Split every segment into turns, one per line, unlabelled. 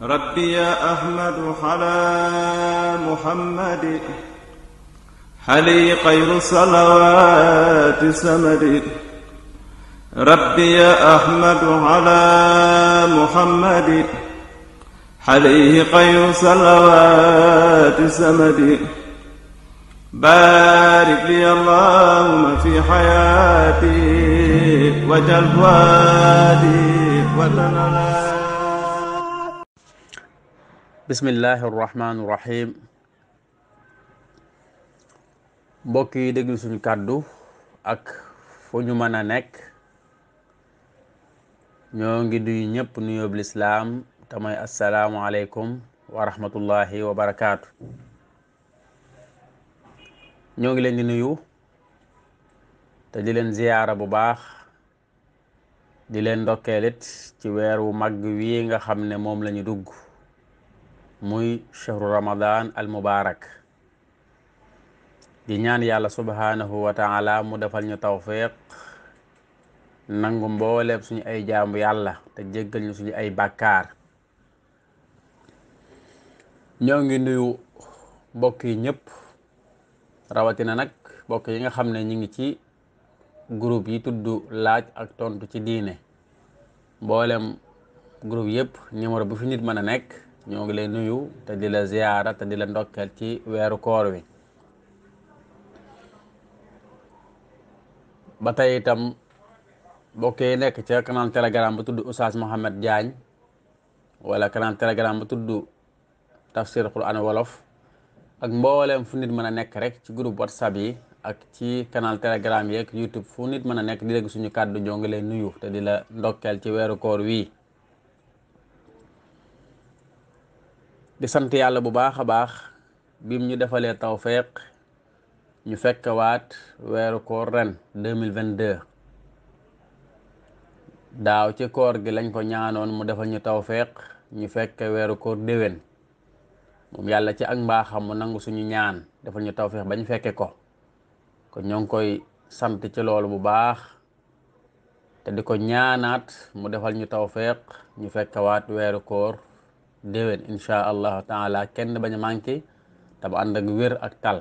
ربي أحمد على محمد حلي خير صلوات سمد ربي أحمد على محمد حليه خير صلوات سمد بارك لي اللهم في حياتي وجل وادي وتنالي bismillahi arrahmani irrahim mbokk yi déglu suñu kàddu ak fu ñu mën a nekk ñoo ngi duy ñëpp nuyoob lislaam te mooy assalaamu aleykum wa rahmatullahi barakaatu ñoo ngi leen di nuyu te di leen ziyaara bu baax di leen ndokkeelit ci weer wu mag wii nga xam ne moom la dugg muy chahru ramadan al mubarak di ñaan yàlla subhaanahu wa taala mu defal ñu tawfiq nangu mbooleeb suñ ay jaamu yàlla te jéggal ñu suñu ay bàkkaar ñoo ngi nuyu mbokk yi ñëpp rawatina nag mbokk yi nga xam ne ñu ngi ci groupe yi tudd laaj ak tontu ci diine mboolem groupe yëpp numéro bu fi nit mën a nekk ñoo ngi lay nuyu te di la ziyaara te di la ndokkeel ci weeru koor wi ba tey itam mbokk nekk ci canal telegram bu tudd Oustaz Mouhamed Diagne wala canal telegram bu tudd tafsir Quran wolof ak mboolem fu nit mën a nekk rek ci groupe whatsapp yi ak ci canal telegram yeeg youtube fu nit mën a nekk di dégg suñu kàddu ñoo ngi lay nuyu te di la ndokkeel ci weeru koor wii di sant yàlla bu baax a baax bim ñu defalee tawfeex ñu fekk waat weeru koor ren deux mille vingt deux daaw ci koor gi lañ ko ñaanoon mu defal ñu tawfeex ñu fekk weeru koor déwén moom yàlla ci ak mbaaxam mu nangu suñu ñaan defal ñu tawfeex ñu fekkee ko ko ñoo koy sant ci loolu bu baax te di ko ñaanaat mu defal ñu tawfeex ñu fekk waat weeru koor déwén incha allahu taala kenn bañ a manqué te bu ànd ak wér ak tal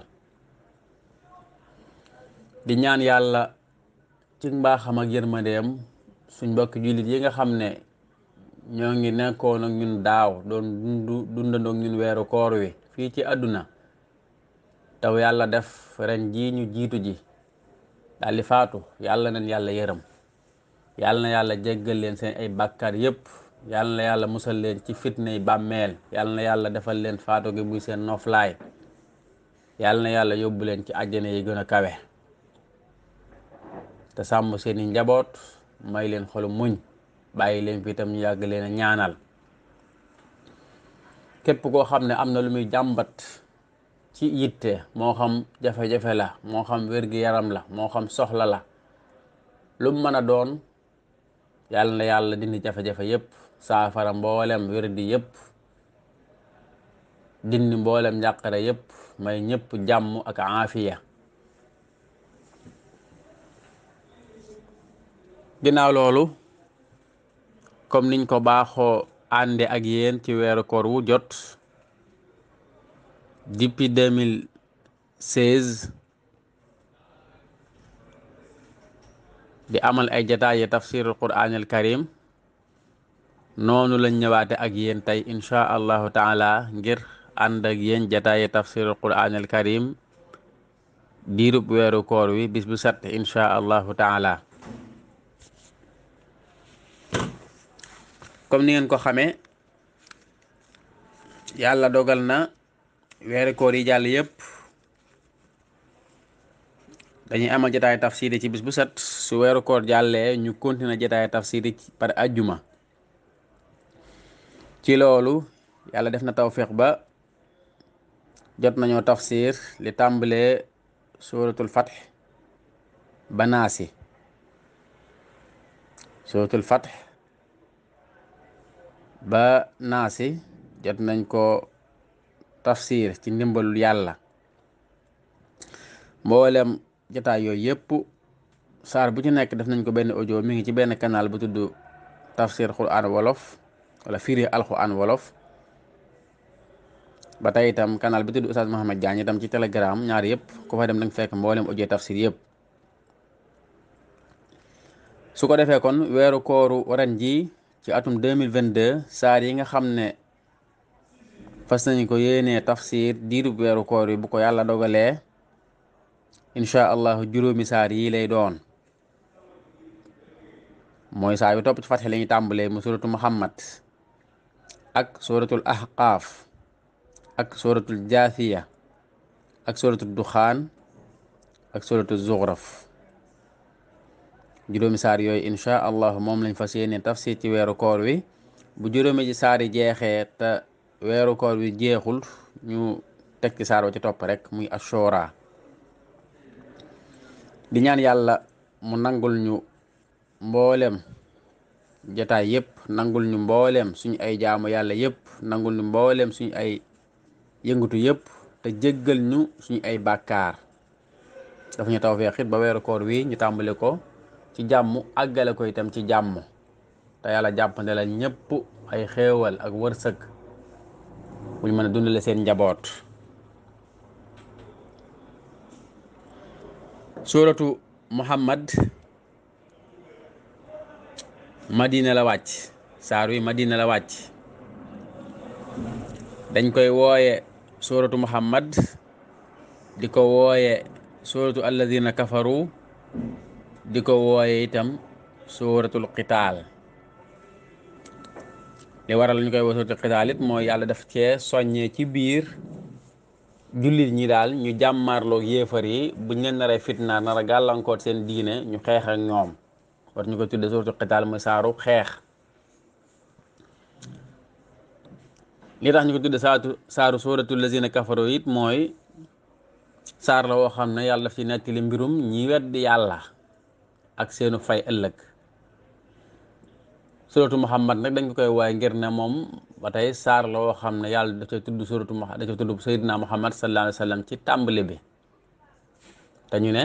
di ñaan yàlla ci mbaaxam ak yërmandeem suñ mbokk jullit yi nga xam ne ñoo ngi nekkoon ak ñun daaw doon dundu dundandoo ñun weeru koor wi fii ci àdduna taw yàlla def ren ji jiitu ji daal di faatu yàlla nañ yàlla yërëm yàlla na yàlla jéggal leen seen ay bàkkaar yépp yàlla yàlla musal leen ci fitna yi bàmmeel yàlla na yàlla defal leen faatu gi seen noflaay yàlla na yàlla yóbbu leen ci àjjana yi gën a kawe te sàmm seeni njaboot may leen xolu muñ bàyyi leen fi itam ñu yàgg leen a ñaanal képp koo xam ne am na lu muy jàmbat ci yitte moo xam jafe-jafe la moo xam wér yaram la moo xam soxla la lu mu mën a doon yàlla na yàlla dindi jafe-jafe yépp saafara mboolem wirdi yëpp dindi mboolem njàqare yëpp may ñëpp jàmm ak aafiya ginnaaw loolu comme niñ ko baaxoo ànde ak yéen ci weeru kor wu jot depuis 2016 di amal ay jataay yi tafsirul karim noonu lañ ñëwaate ak yéen tey inchaa allahu taala ngir ànd ak yéen jataayi tafsirul quraan al karim diirub weeru koor wi bis bu set inchaa allahu taala comme ni ngeen ko xamee yàlla dogal na weeru koor yi jàll yëpp dañuy amal jataay tafsiri ci bis bu set su weeru koor jàllee ñu continuer jataay tafsiri par ajjuma ci loolu yàlla def na taw tawfiq ba jot nañoo tafsir li tàmbalee suratul fatx ba naasi suratul ba naasi jot nañ ko tafsir ci ndimbalul yàlla mboolem jotaay yooyu yëpp saar bu ci nekk def nañ ko benn audio mi ngi ci benn kanaal bu tudd tafsir quran wolof wala firi alxuraan wolof ba tey itam canal bi tudd Oustaz Mouhamed Diagne itam ci telegram ñaar yëpp ku fa dem da fekk mboolem audio tafsir yëpp su ko defee kon weeru kooru ren jii ci atum 2022 saar yi nga xam ne fas nañ ko yéenee tafsir diirub weeru koor yi bu ko yàlla dogalee incha allahu juróomi saar yi lay doon mooy saar yu topp ci Faatiha la ñuy tàmbalee mu suratu Muhammad ak suratul ahqaaf ak suratul jaasiya ak suratul duxaan ak suratul zuxraf juróomi saar yooyu incha allah moom lañ fas yéene tafsir ci weeru koor wi bu juróomi saari jeexee te weeru koor wi jeexul ñu teg ci saar wa ci topp rek muy ashora di ñaan yàlla mu nangul ñu mboolem jataay yëpp nangul ñu mbooleem suñu ay jaamu yàlla yëpp nangul ñu mbooleem suñu ay yëngatu yépp te jéggal ñu suñu ay bàkkaar dafa ñu taw it ba weeru koor wi ñu tàmbale ko ci jàmm àggale ko itam ci jàmm te yàlla jàppande la ñëpp ay xéewal ak wërsëg bu ñu mën a dundale seen njaboot suuratu muhammad madina la wàcc saar wi madina la wàcc dañ koy wooye suratu muhammad di ko wooye suratu alladina kafaru di ko wooye itam suratul qitaal li waral ñu koy woo suratul qitaal mooy yàlla def cee soññee ci biir jullit ñi daal ñu jàmmaarloog yéefar yi buñ leen naree fitna nara gàllankoor seen diine ñu xeex ñoom war ñu ko tudde suuratu xitaal muy saaru xeex li tax ñu tudd tudde saatu saaru suuratu lazina kafaru it mooy saar la woo xam ne yàlla fi nettali mbirum ñi weddi yàlla ak seenu fay ëllëg suratu muhammad nag dañ ko koy waaye ngir ne moom ba tey saar la woo xam ne yàlla da tudd suratu da cay tudd sayidina muhammad sallallahu alayhi wa ci tàmbali bi te ne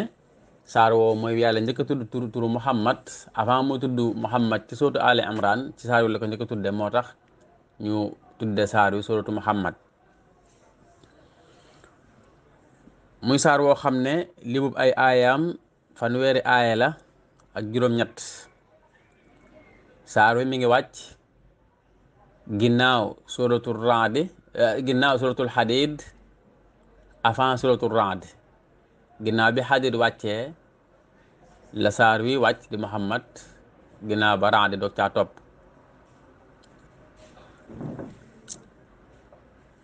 saar woo mooy yàlla njëkk a tudd turu turu Muhammad avant muy tudd Muhammad ci sootu Ali Imran ci saar wi la ko njëkk a tudde moo tax ñu tudde saar wi sootu Muhammad muy saar woo xam ne libub ay aayaam fanweeri aaya la ak juróom-ñett saar wi mi ngi wàcc ginnaaw suratul Raad eh, ginnaaw suratul Hadid avant suratul Raad ginnaaw bi xadir wàccee la saar wi wàcc di muhammad ginnaaw ba di dog caa topp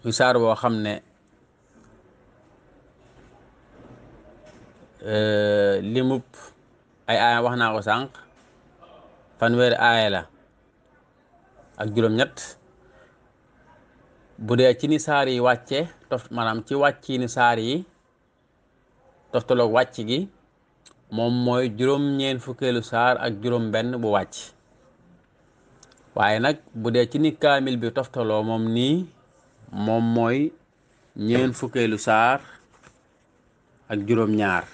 muy saar woo xam ne eh, limub ay aaya wax naa ko sànq fanweeri la ak juróom-ñett bu dee ci ni saar yi wàcce tof maanaam ci wàcci ni saar yi toftaloog wàcc gi moom mooy juróom-ñeen fukkeelu saar ak juróom wàcc waaye nag bu dee ci ni kaamil bi toftaloo moom nii moom mooy ñeen fukkeelu ak juróom-ñaar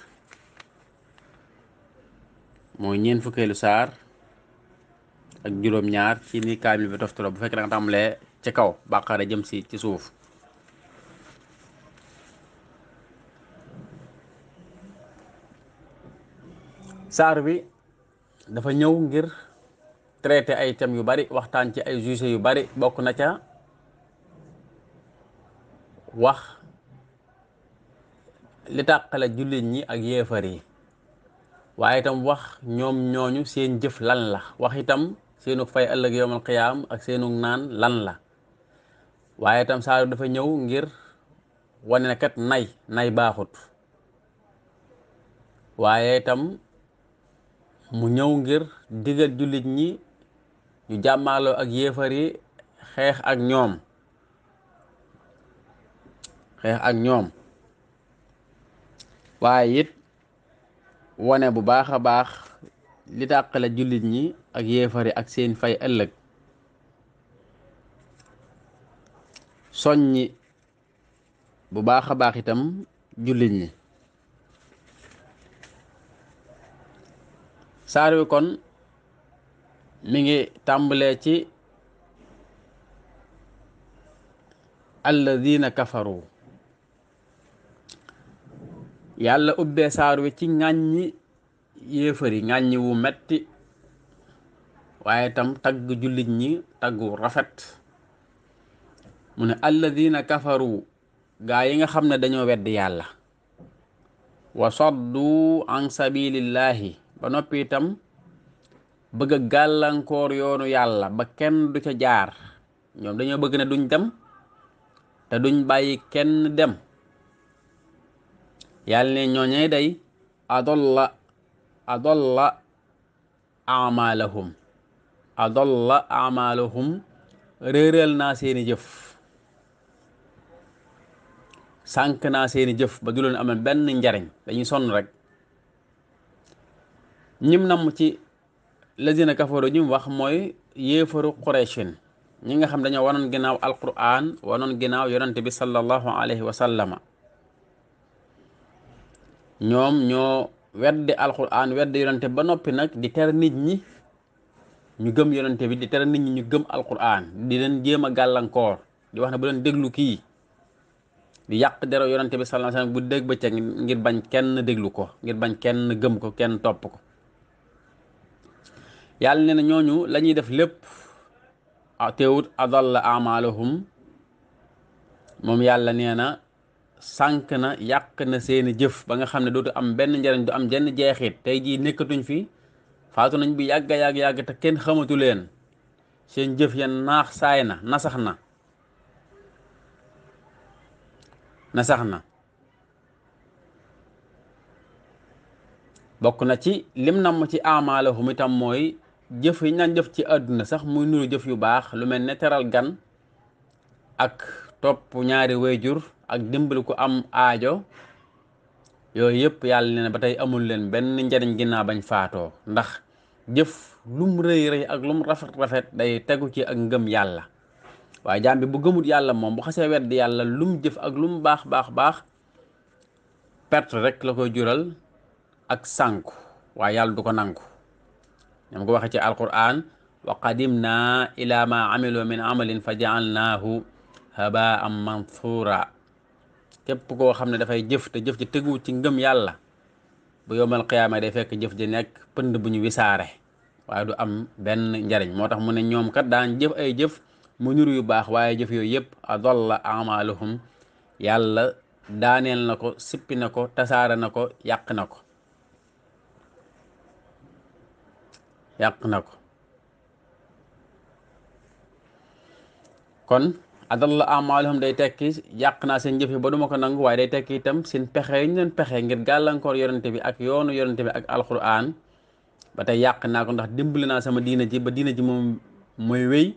mooy ñeen fukkeelu saar ak juróom-ñaar ci ni kaamil bi toftaloo bu fekkee da nga tàmbalee ci kaw bàqara jëm si ci suuf saar bi dafa ñëw ngir traité ay thèmes yu bari waxtaan ci ay sujets yu bari bokk na ca wax li tàqale jullit ñi ak yéefar yi waaye tam wax ñoom ñooñu seen jëf lan la wax itam seenu fay ëllëg yowmal qiyaam ak seenu naan lan la waaye itam saar bi dafa ñëw ngir wane ne nay nay baaxut waaye itam mu ñëw ngir digal jullit ñi ñu jàmmaaloo ak yéefar yi xeex ak ñoom xeex ak ñoom waaye it wone bu baaxa baax li tàqale jullit ñi ak yéefar yi ak seen fay ëllëg soññi bu baax a baax itam jullit ñi saar wi kon mi ngi tàmbalee ci alladina kafaru yàlla ubbee saar wi ci ŋàññi yéefar yi metti waaye tam tagg jullit ñi taggu rafet mu ne alladina kafaru gaa yi nga xam ne dañoo wedd yàlla wa saddu an sabilillahi ba noppi itam bëgg gàllankoor yoonu yàlla ba kenn du ca jaar ñoom dañoo bëgg ne duñ dem te duñ bàyyi kenn dem yàlla ne ñooñey day adolla adolla amalahum adolla amalahum réeral naa seeni jëf sànk naa seeni jëf ba du leen benn njariñ dañuy sonn rek ñim namm ci lazina kafaru ñi wax mooy yéefaru qurayshin ñi nga xam dañoo wanoon ginnaaw alquran wanoon ginnaaw yonante bi sallallahu alayhi wa sallama ñoom ñoo weddi alquran weddi yonante ba noppi nag di ter nit ñi ñu gëm yonante bi di tere nit ñi ñu gëm alquran di leen jéem a gàllankoor di wax na bu leen déglu kii di yàq dero yonante bi sallallahu alayhi wa sallam bu dégg bëccëg ngir bañ kenn déglu ko ngir bañ kenn gëm ko kenn topp ko yàlla ne na ñu lañuy def lépp ah, teewut adalla amalahum moom yàlla nee na sànq na yàq na seeni jëf ba nga xam ne dootu am benn njariñ du am jenn jeexit tey jii nekkatuñ fi faatu nañ bi yàgga yàgg-yàgg te kenn xamatu leen seen jëf ya naax saay na nasax na nasax na bokk na ci lim namm ci amaalahum itam mooy jëf yi ñu jëf ci àdduna sax muy nuru jëf yu baax lu mel ne teral gan ak topp ñaari wayjur ak dimbali ku am aajo yooyu yëpp yàlla nee ba tey amul leen benn njariñ ginnaaw bañ faatoo ndax jëf lum rëy rëy ak lum rafet rafet day tegu ci ak ngëm yàlla waa jaam bi bu gëmut yàlla moom bu xasee wedd yàlla lum jëf ak lum baax baax baax perte rek la koy jural ak sànku waaye yàlla du ko nangu ñoom ko waxee ci alquran na qadimna ila ma amilu min amalin fa jaalnaahu habaan manthura képp koo xam ne dafay jëf te jëf ci tegu ci ngëm yàlla bu yowmal qiyaama day fekk jëf ji nekk pënd bu ñu wisaare waaye du am benn njariñ moo tax mu ne ñoom kat daan jëf ay jëf mu ñuru yu baax waaye jëf yooyu yëpp adalla amaaluhum yàlla daaneel na ko sippi na ko tasaare na ko yàq na ko yàq na ko kon adalla amaaluhum day tekki yàq naa seen jëf yi ba duma ko nangu waaye day tekki itam seen pexe yi ñu leen pexe ngir gàllankoor yonente bi ak yoonu yonente bi ak alquran ba te yàq naa ko ndax dimbali naa sama diina ji ba diina ji moom mooy wéy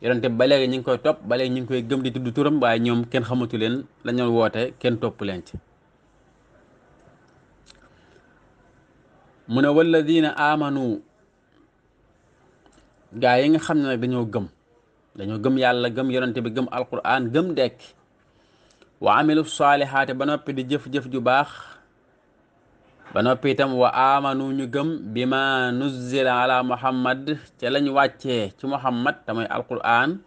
yonente bi ba léegi ñu ngi koy topp ba léegi ñu ngi koy gëm di tuddu turam waaye ñoom kenn xamatu leen lañu woote kenn topp leen ci mu ne walladina amanu gaa yi nga xam ne nag dañoo gëm dañoo gëm yàlla gëm yonante bi gëm alquran gëm dekk wa amilu xaate ba noppi di jëf-jëf ju baax ba noppi itam wa amanu ñu gëm bi ma nuzzila ala muhammad ca lañ wàccee ci muhammad tamay alquran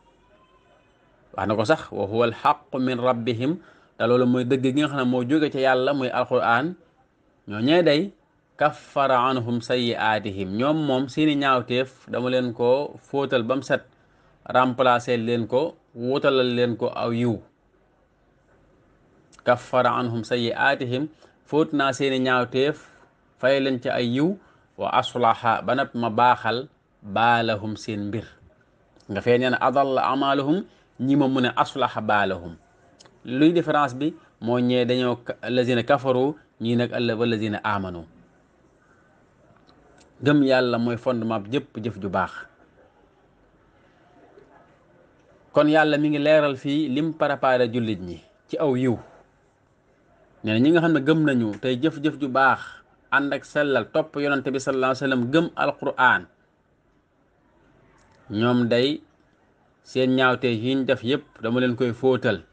wax na ko sax wa huwa alxaqu min rabbihim te loolu mooy dëgg gi nga ne moo jóge ca yàlla mooy alquran ñoo ñee kaffara anhum sayyi'aatihim ñoom moom seeni ñaawteef dama leen ko fóotal ba mu set remplacer leen ko wutalal leen ko aw yiw kaffara anhum sayyi'aatihim fóot naa seeni ñaawteef fay leen ci ay yiw wa aslaha ba ma baaxal baalahum seen mbir nga fee nee na adalla amalahum ñi ma mu ne aslaha baalahum luy différence bi moo ñee dañoo allazina kafaru ñii nag allazina amanu gëm yàlla mooy fondement bi jëpp jëf ju baax kon yàlla mu ngi leeral fii lim préparé jullit ñi ci aw yiw nee ñi nga xam ne gëm nañu tey jëf-jëf ju baax ànd ak sellal topp yonante bi sallallahu alayhi wasallam gëm alquran ñoom day seen ñaawtee yiñ ñu def yépp dama leen koy fóotal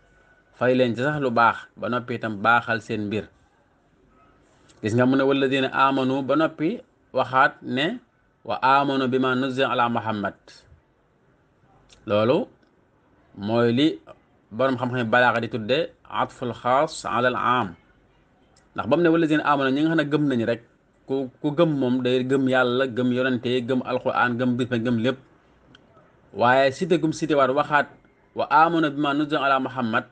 fay leen ci sax lu baax ba noppi itam baaxal seen mbir gis nga mu ne walladina amanu ba noppi waxaat ne wa amanu bi ma nuzzi ala muhammad loolu mooy li borom xam-xam balaaxa tudde atful xaas ala al ndax ba mu ne wallazina amanu ñi nga xam ne gëm nañu rek ku ku gëm moom day gëm yàlla gëm yonente gëm alquran gëm bis gëm lépp waaye cité gum cité waat wa amanu bi ma nuzzi ala muhammad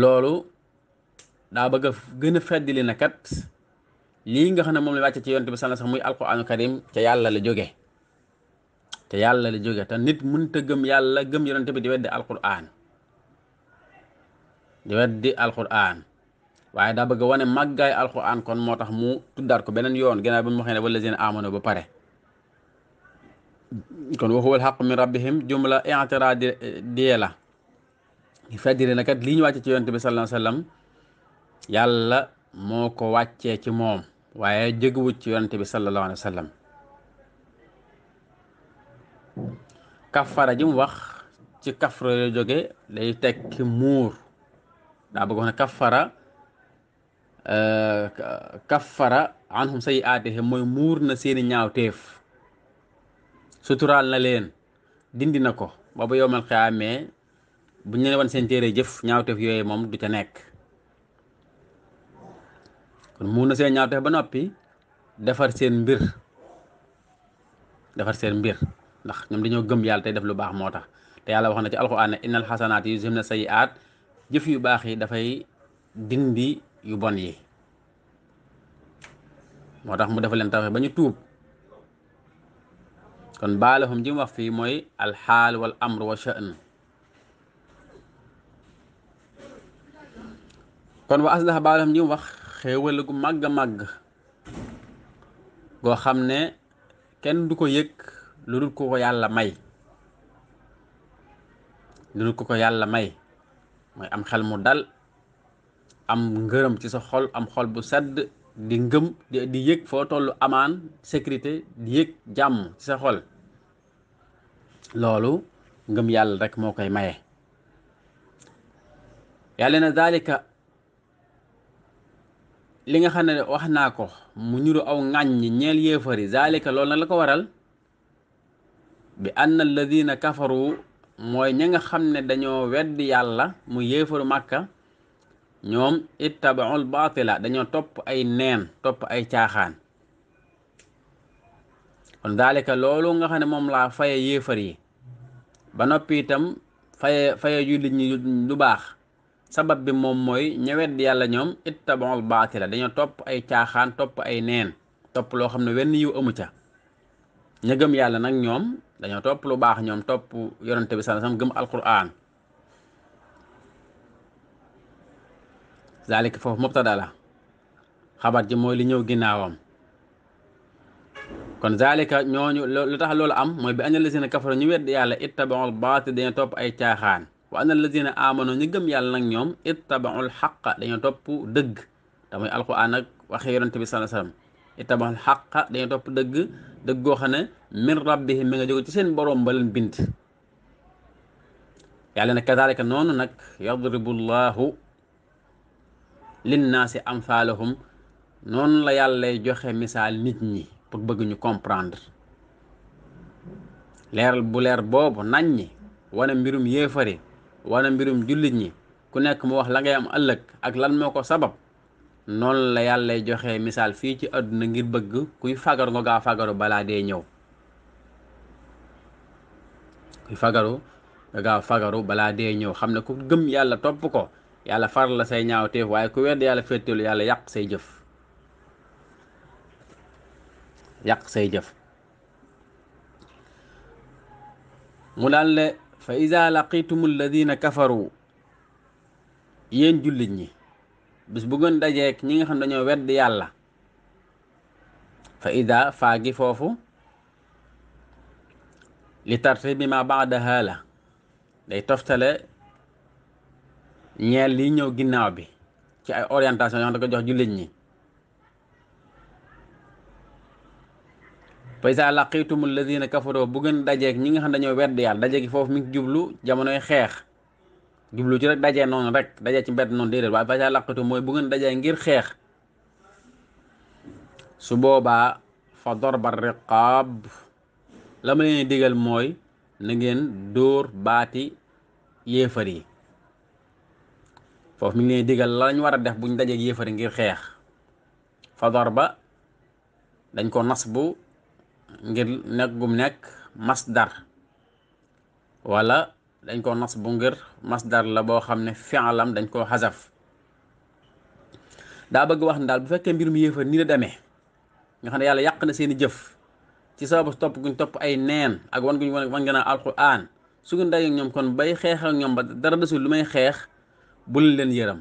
loolu daa bëgg a gën kat lii nga xam ne moom la wàcce ci yonent bi sànni sax muy alquraanu karim ca yàlla la jóge te yàlla la jóge te nit mënta gëm yàlla gëm yonent bi di weddi alquraan di weddi alquraan waaye daa wane màggaay alquraan kon moo tax mu tuddaat ko beneen yoon gannaaw bi mu waxee ne wallazina amanu ba pare kon wa huwal xaqu min rabbihim jumla i'tiraadi die na kat lii ci yonent bi sànni sallam yàlla moo ko wàccee ci moom waaye jéggiwut ci yonent bi sallallahu alayhi wa kafara ji wax ci kafara la jóge day tekki muur daa bëgg wax ne kafara euh, kafara anhum sayyi'aatihim mooy muur na seeni ñaawteef suturaal na leen dindi na ko ba ba yowmal xiyaamee bu ñu leen wan seen téere jëf ñaawteef yooyu moom du ca nekk kon mun na seen ñaawteef ba noppi defar seen mbir defar seen mbir ndax ñoom dañoo gëm yàlla tey def lu baax moo tax te yàlla wax na ci an alxuraan ne innal xasanaat yuzhibna at jëf yu baax yi dafay dindi yu bon yi moo tax mu defal leen tawfeex bañu tuub kon baalahum ji mu wax fii mooy alxaal wal amru wa sha'n kon wa aslaha baalahum ji mu wax xéewal gu màgg a màgg goo xam ne kenn du ko yëg lu dul ku ko yàlla may lu dul ko yàlla may mooy am xel mu dal am ngërëm ci sa xol am xol bu sedd di ngëm di yëg foo tollu amaan sécurité di yëg jàmm ci sa xol loolu ngëm yàlla rek moo koy maye yàlla na zalika li nga xam ne wax naa ko mu ñuru aw ŋàññi ñeel yéefari zalika loolu nag la ko waral bi ann alladina kafaru mooy ña nga xam ne dañoo wedd yàlla mu yéefaru màkka ñoom ittabaul la dañoo topp ay neen topp ay caaxaan kon zalika loolu nga xam ne moom laa faye yéefar yi ba noppi itam faye faye ñi lu baax sabab bi moom mooy ñëwet yàlla ñoom ittabaul baatila dañoo topp ay caaxaan topp ay neen topp loo xam ne wenn yiw amu ca ña yàlla nag ñoom dañoo topp lu baax ñoom topp yonante bi sana sam gëm alquran zalik foofu mubtada la xabar ji mooy li ñëw ginnaawam kon zalika ñooñu lu tax loolu am mooy bi añal la seen kafara ñu wedd yàlla ittabaul baatila dañoo topp ay caaxaan waa anna alladina amanu ñu gëm yàlla nag ñoom ittabaul xaqa dañoo topp dëgg damay alquran ak waxee yonante bi sallallahu alayhi wasallam dañoo topp dëgg dëgg goo xam ne min rabbihim mi nga jóge ci seen boroom ba leen bind yàlla ne kadalika noonu nag yadribu llahu linnaasi amfaalahum noonu la yàlla joxe misaal nit ñi pour bëgguñu comprendre leer bu leer boobu nañ ñi wane mbirum yéefari wana mbirum jullit ñi ku nekk mu wax la ngay am ëllëg ak lan moo ko sabab noonu la yàlla joxe misaal fii ci àdduna ngir bëgg kuy fagaru nga gaa fagaru balaa dee ñëw fagaru nga balaa dee ñëw xam ne ku gëm yàlla topp ko yàlla far la say ñaaw teef waaye ku wedd yàlla féttalu yàlla yàq say jëf yàq say jëf mu daal fa ida laqitum alladina kafaru yéen jullit ñi bis bu ngeen dajeek ñi nga xam dañoo wedd yàlla fa ida faa gi foofu li tarte bi ma baadaha la day toftale ñeel li ñëw ginnaaw bi ci ay orientation yoo xam ne ko jox jullit ñi fa isa laqitum alladina kafaroo bu ngeen dajeek ñi nga xam dañoo wedd yàlla daje gi foofu mi ngi jublu jamonoy xeex jublu ci rek dajee noonu rek dajee ci mbedd noonu déedéet waaye fa isa mooy bu ngeen dajee ngir xeex su boobaa fa dorba riqaab la leen digal mooy na ngeen dóor baati yéefar yi foofu mi ngi leen digal la lañ war a def buñ dajeeg yéefar yi ngir xeex fa dorba dañ ko nas bu ngir nekk gum nekk masdar wala dañ ko nas bu ngir masdar la boo xam ne fi'lam dañ koo xasaf daa bëgg wax ne daal bu fekkee mbir mu yéefar nii la demee nga xam ne yàlla yàq na seeni jëf ci sababu topp guñ topp ay neen ak wan guñ wan gën a alquran su ngeen dajeeg ñoom kon bay xeex ak ñoom ba dara desul lu may xeex bul leen yërëm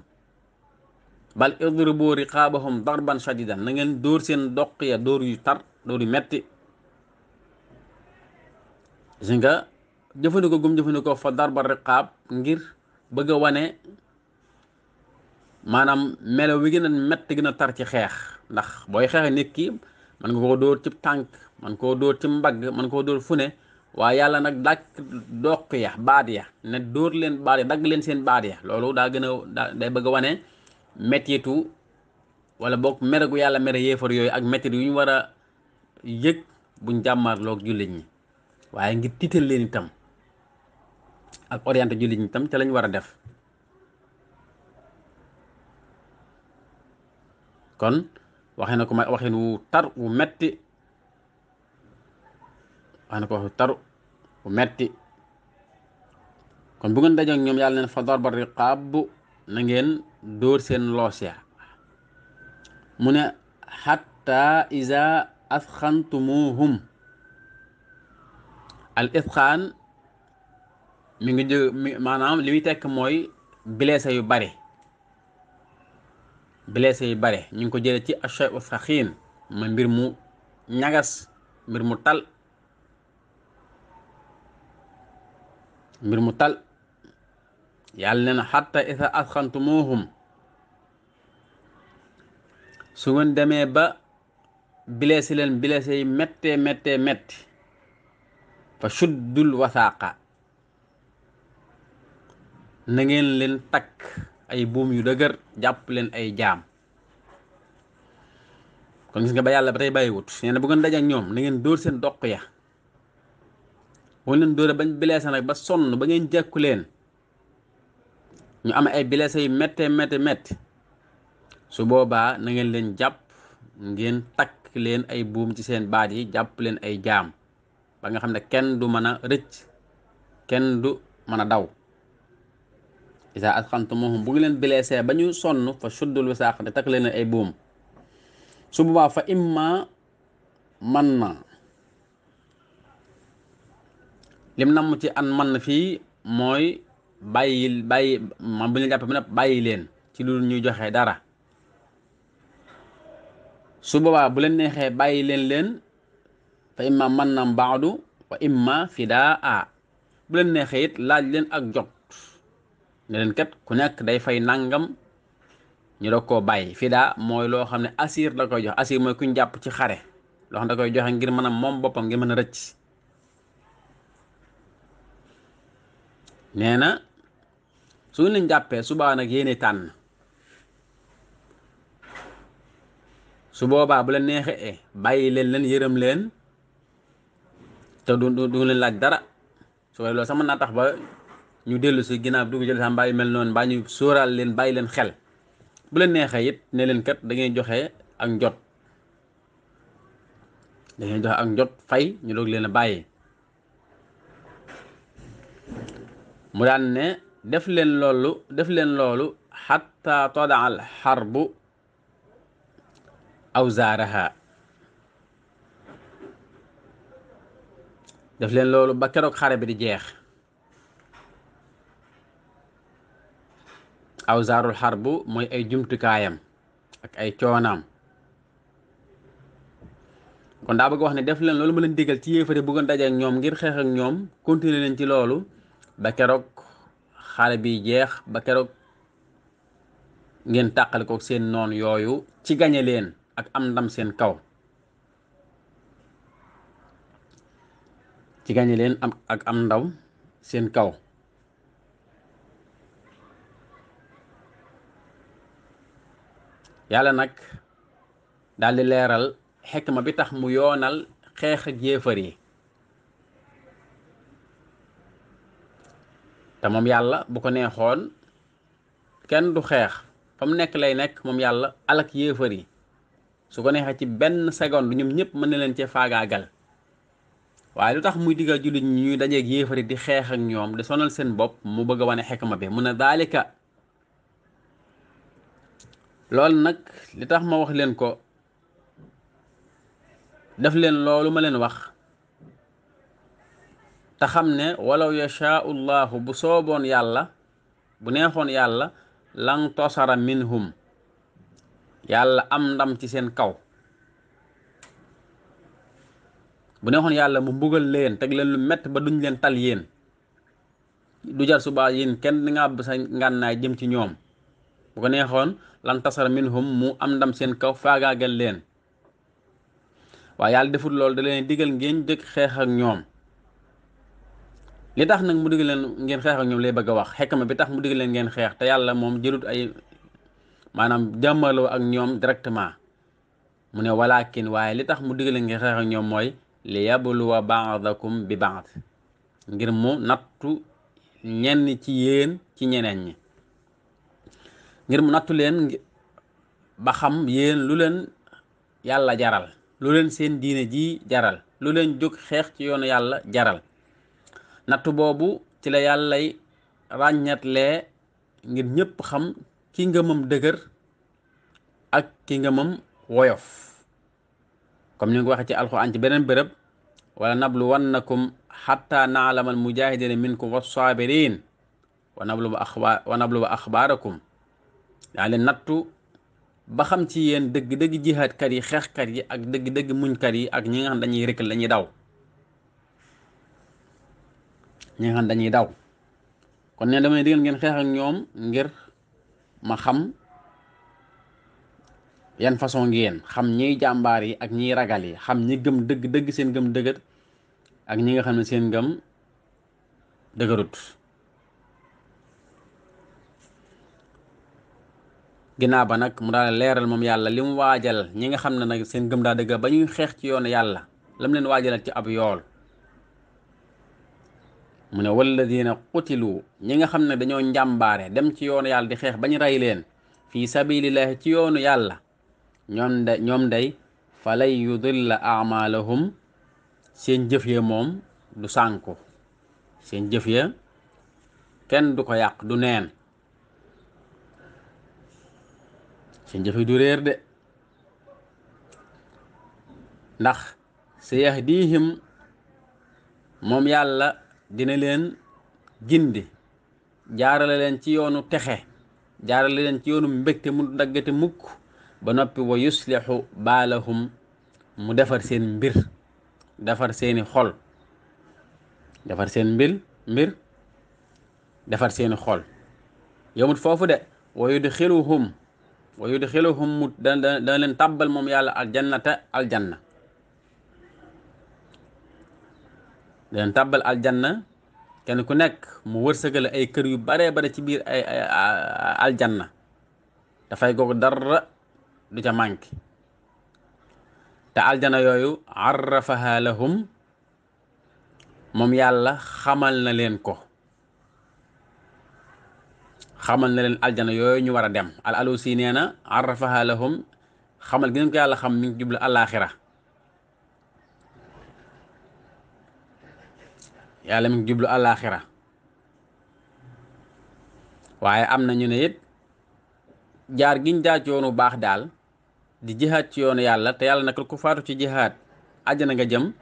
bal idribu riqaabahum darban shadidan na dóor seen doq ya dóor yu tar dóor yu metti nga jëfandikoo gum jëfandikoo fa darba riqaab ngir bëgg wane maanaam melo wi gën a mett gën a tar ci xeex ndax booy xeexe nit ki man nga koo dóor ci tànk man koo dóor ci mbagg man koo dóor fu ne waaye yàlla nag dàq doq ya baat ya ne dóor leen baat ya dagg leen seen baat ya loolu daa gën a day bëgg a wane mettitu wala boog mere gu yàlla mere yéefar yooyu ak mettit yu ñu war a yëg buñ jàmmaarloog jullit ñi waaye ngir tiital leen itam ak orienté jullit ñi tam ca lañ war a def kon waxe na ko ma waxin wu tar wu metti waxe na ko waxu wu metti kon bu ngeen dajeek ñoom yàlla neen fa darba na ngeen dóor seen loos mu ne xatta iza asxantumuhum al itqaan mi ngi jë maanaam li muy tekk mooy blessé yu bare blessé yu bare ñu ngi ko jëlee ci achay u saxiin mooy mbir mu ñagas mbir mu tal mbir mu tal yàlla nee na xatta isa asxantumuhum su ngeen demee ba blessé leen blessé yi méttee méttee fa shuddul wasaaqa na ngeen leen takk ay buum yu dëgër jàpp leen ay jaam kon gis nga ba yàlla ba tey bàyyiwut nee na bu ngeen dajak ñoom na ngeen dóor seen doq ya boo leen dóore bañ bileesa nag ba sonn ba ngeen jekku leen ñu am ay bileesa yu mette mette mette su boobaa na ngeen leen jàpp ngeen takk leen ay buum ci seen baat yi jàpp leen ay jaam ba nga xam ne kenn du mën a rëcc kenn du mën a daw isa atqantumuhum bu ngi leen blessé ba ñu sonn fa suddul wisaaq te takk leen ay buum su boobaa fa imma man na lim nam ci an man fii mooy bàyyil bàyyi man bu ñu jàpp bi nag bàyyi leen ci lu ñuy joxe dara su boobaa bu leen neexee bàyyi leen leen fa imma man nam baadu wa imma fidaa a bu leen neexee it laaj leen ak jot ne leen kat ku nekk day fay nangam ñu doog ko bàyyi fidaa mooy loo xam ne asir la koy jox asir mooy kuñ jàpp ci xare loo xam da koy joxe ngir mën a moom boppam ngir mën a rëcc nee na suñu leen jàppee subaa nag yéene tànn su boobaa bu leen neexee bàyyi leen leen yërëm leen te du du leen laaj dara su ko loolu sax mën tax ba ñu dellu si ginaar bi dugg ci lislaam mbaa yu mel noonu leen bàyyi leen xel bu leen neexee it leen kat da ngay joxe ak njot da ngay joxe ak njot fay ñu doog leen a bàyyi mu daan ne def leen loolu def leen loolu xatta todaal xarbu awzaaraha def leen loolu ba keroog xare bi di jeex aw xar xarbu mooy ay jumtukaayam ak ay coonaam kon daa bëgg wax ne def leen loolu ma leen digal ci yéefare bëggoon daje ak ñoom ngir xeex ak ñoom continuer leen ci loolu ba keroog xare bi jeex ba keroog ngeen tàqale ko seen noon yooyu ci gañe leen ak am ndam seen kaw ci gañe leen am ak am ndaw seen kaw yàlla nag daldi leeral leeral ma bi tax mu yoonal xeex ak yéefar yi te moom yàlla bu ko neexoon kenn du xeex fa mu nekk lay nekk moom yàlla alak yéefar yi su ko neexee ci benn seconde ñoom ñëpp mën na leen cee faagaagal waaye lu tax muy digal jullit ñuy dajeeg yéefari di xeex ñoom di sonal seen bopp mu bëgg a wane ma bi mu ne daalika lool nag li tax ma wax leen ko def leen loolu ma leen wax te xam ne walaw yashaau llahu bu sooboon yàlla bu neexoon yàlla lan tosara minhum yàlla am ndam ci seen kaw bu neexoon yàlla mu mbugal leen teg leen lu mett ba duñ leen tal yéen du jar subaa yéen kenn di sa ngànnaay jëm ci ñoom bu ko neexoon lan tasar minhum mu am ndam seen kaw faagaagal leen waaye yàlla defut loolu da diggal ngeen jëkk xeex ak ñoom li tax nag mu digal leen ngeen xeex ak ñoom lay bëgg a wax xekk ma bi tax mu digal leen ngeen xeex te yàlla moom jëlut ay maanaam jàmmaloo ak ñoom directement mu ne walaakin waaye li tax mu digal leen ngeen xeex ak ñoom mooy li yabluwa baadakum bi baad ngir mu nattu ñenn ci yéen ci ñeneen ñi ngir mu nattu leen ba xam yéen lu leen yàlla jaral lu leen seen diine ji jaral lu leen jóg xeex ci yoonu yàlla jaral nattu boobu ci la yàllay ràññatlee ngir ñépp xam ki ngëmam dëgër ak ki ngëmam woyof comme ni nga ko waxee ci alxuraan ci beneen bërëb wala nablu wannakum xatta naalamal mujahidina minkum wasaabirin wa nablu ba axbaar wa nablu ba axbaarakum daa leen nattu ba xam ci yéen dëgg-dëgg jihaadkat yi xeexkat yi ak dëgg-dëgg muñkat yi ak ñi nga xam dañuy rëkkal dañuy daw ñi nga xam dañuy daw kon ne dama ne di ngeen xeex ñoom ngir ma xam yan façon ngeen xam ñiy jàmbaar yi ak ñiy ragal yi xam ñi gëm dëgg dëgg seen gëm dëggat ak ñi nga xam ne seen ngëm dëgërut ba nag mu daal leeral moom yàlla li mu waajal ñi nga xam ne nag seen gëm daa dëgg ba ñu xeex ci yoonu yàlla lam leen waajalal ci ab yool mu ne walladina qutilu ñi nga xam ne dañoo njàmbaare dem ci yoonu yàlla di xeex ba ñu rey leen fii sabilillahi ci yoonu yàlla ñoom de ñoom day falay yudilla seen jëf ya moom du sànku seen jëf ya kenn du ko yàq du neen seen jëf du réer de ndax sa yahdihim moom yàlla dina leen gindi jaarale leen ci yoonu texe jaarale leen ci yoonu mbégte mu daggate mukk ba noppi wa yuslihu baalahum mu defar seen mbir defar seeni xol defar seen mbir mbir defar seeni xool yomut foofu de wa yudxiluhum wa yudxiluhum mu dana dana leen tàbbal moom yàlla aljannata aljanna da leen tàbbal aljanna kenn ku nekk mu wërsëgale ay kër yu baree bare ci biir ay aljanna dafay googu du ca manqué te aljana yooyu arrafaha moom yàlla xamal na leen ko xamal na leen aljana yooyu ñu war a dem al alusi nee na arrafaha xamal gi leen ko yàlla xam mi ngi jublu alaaxira yàlla mi jublu alaaxira waaye am na ñu ne it jaar giñ jaar ci baax daal di jihaad ci yoonu yàlla te yàlla nag ko faatu ci jihaad àjjana nga jëm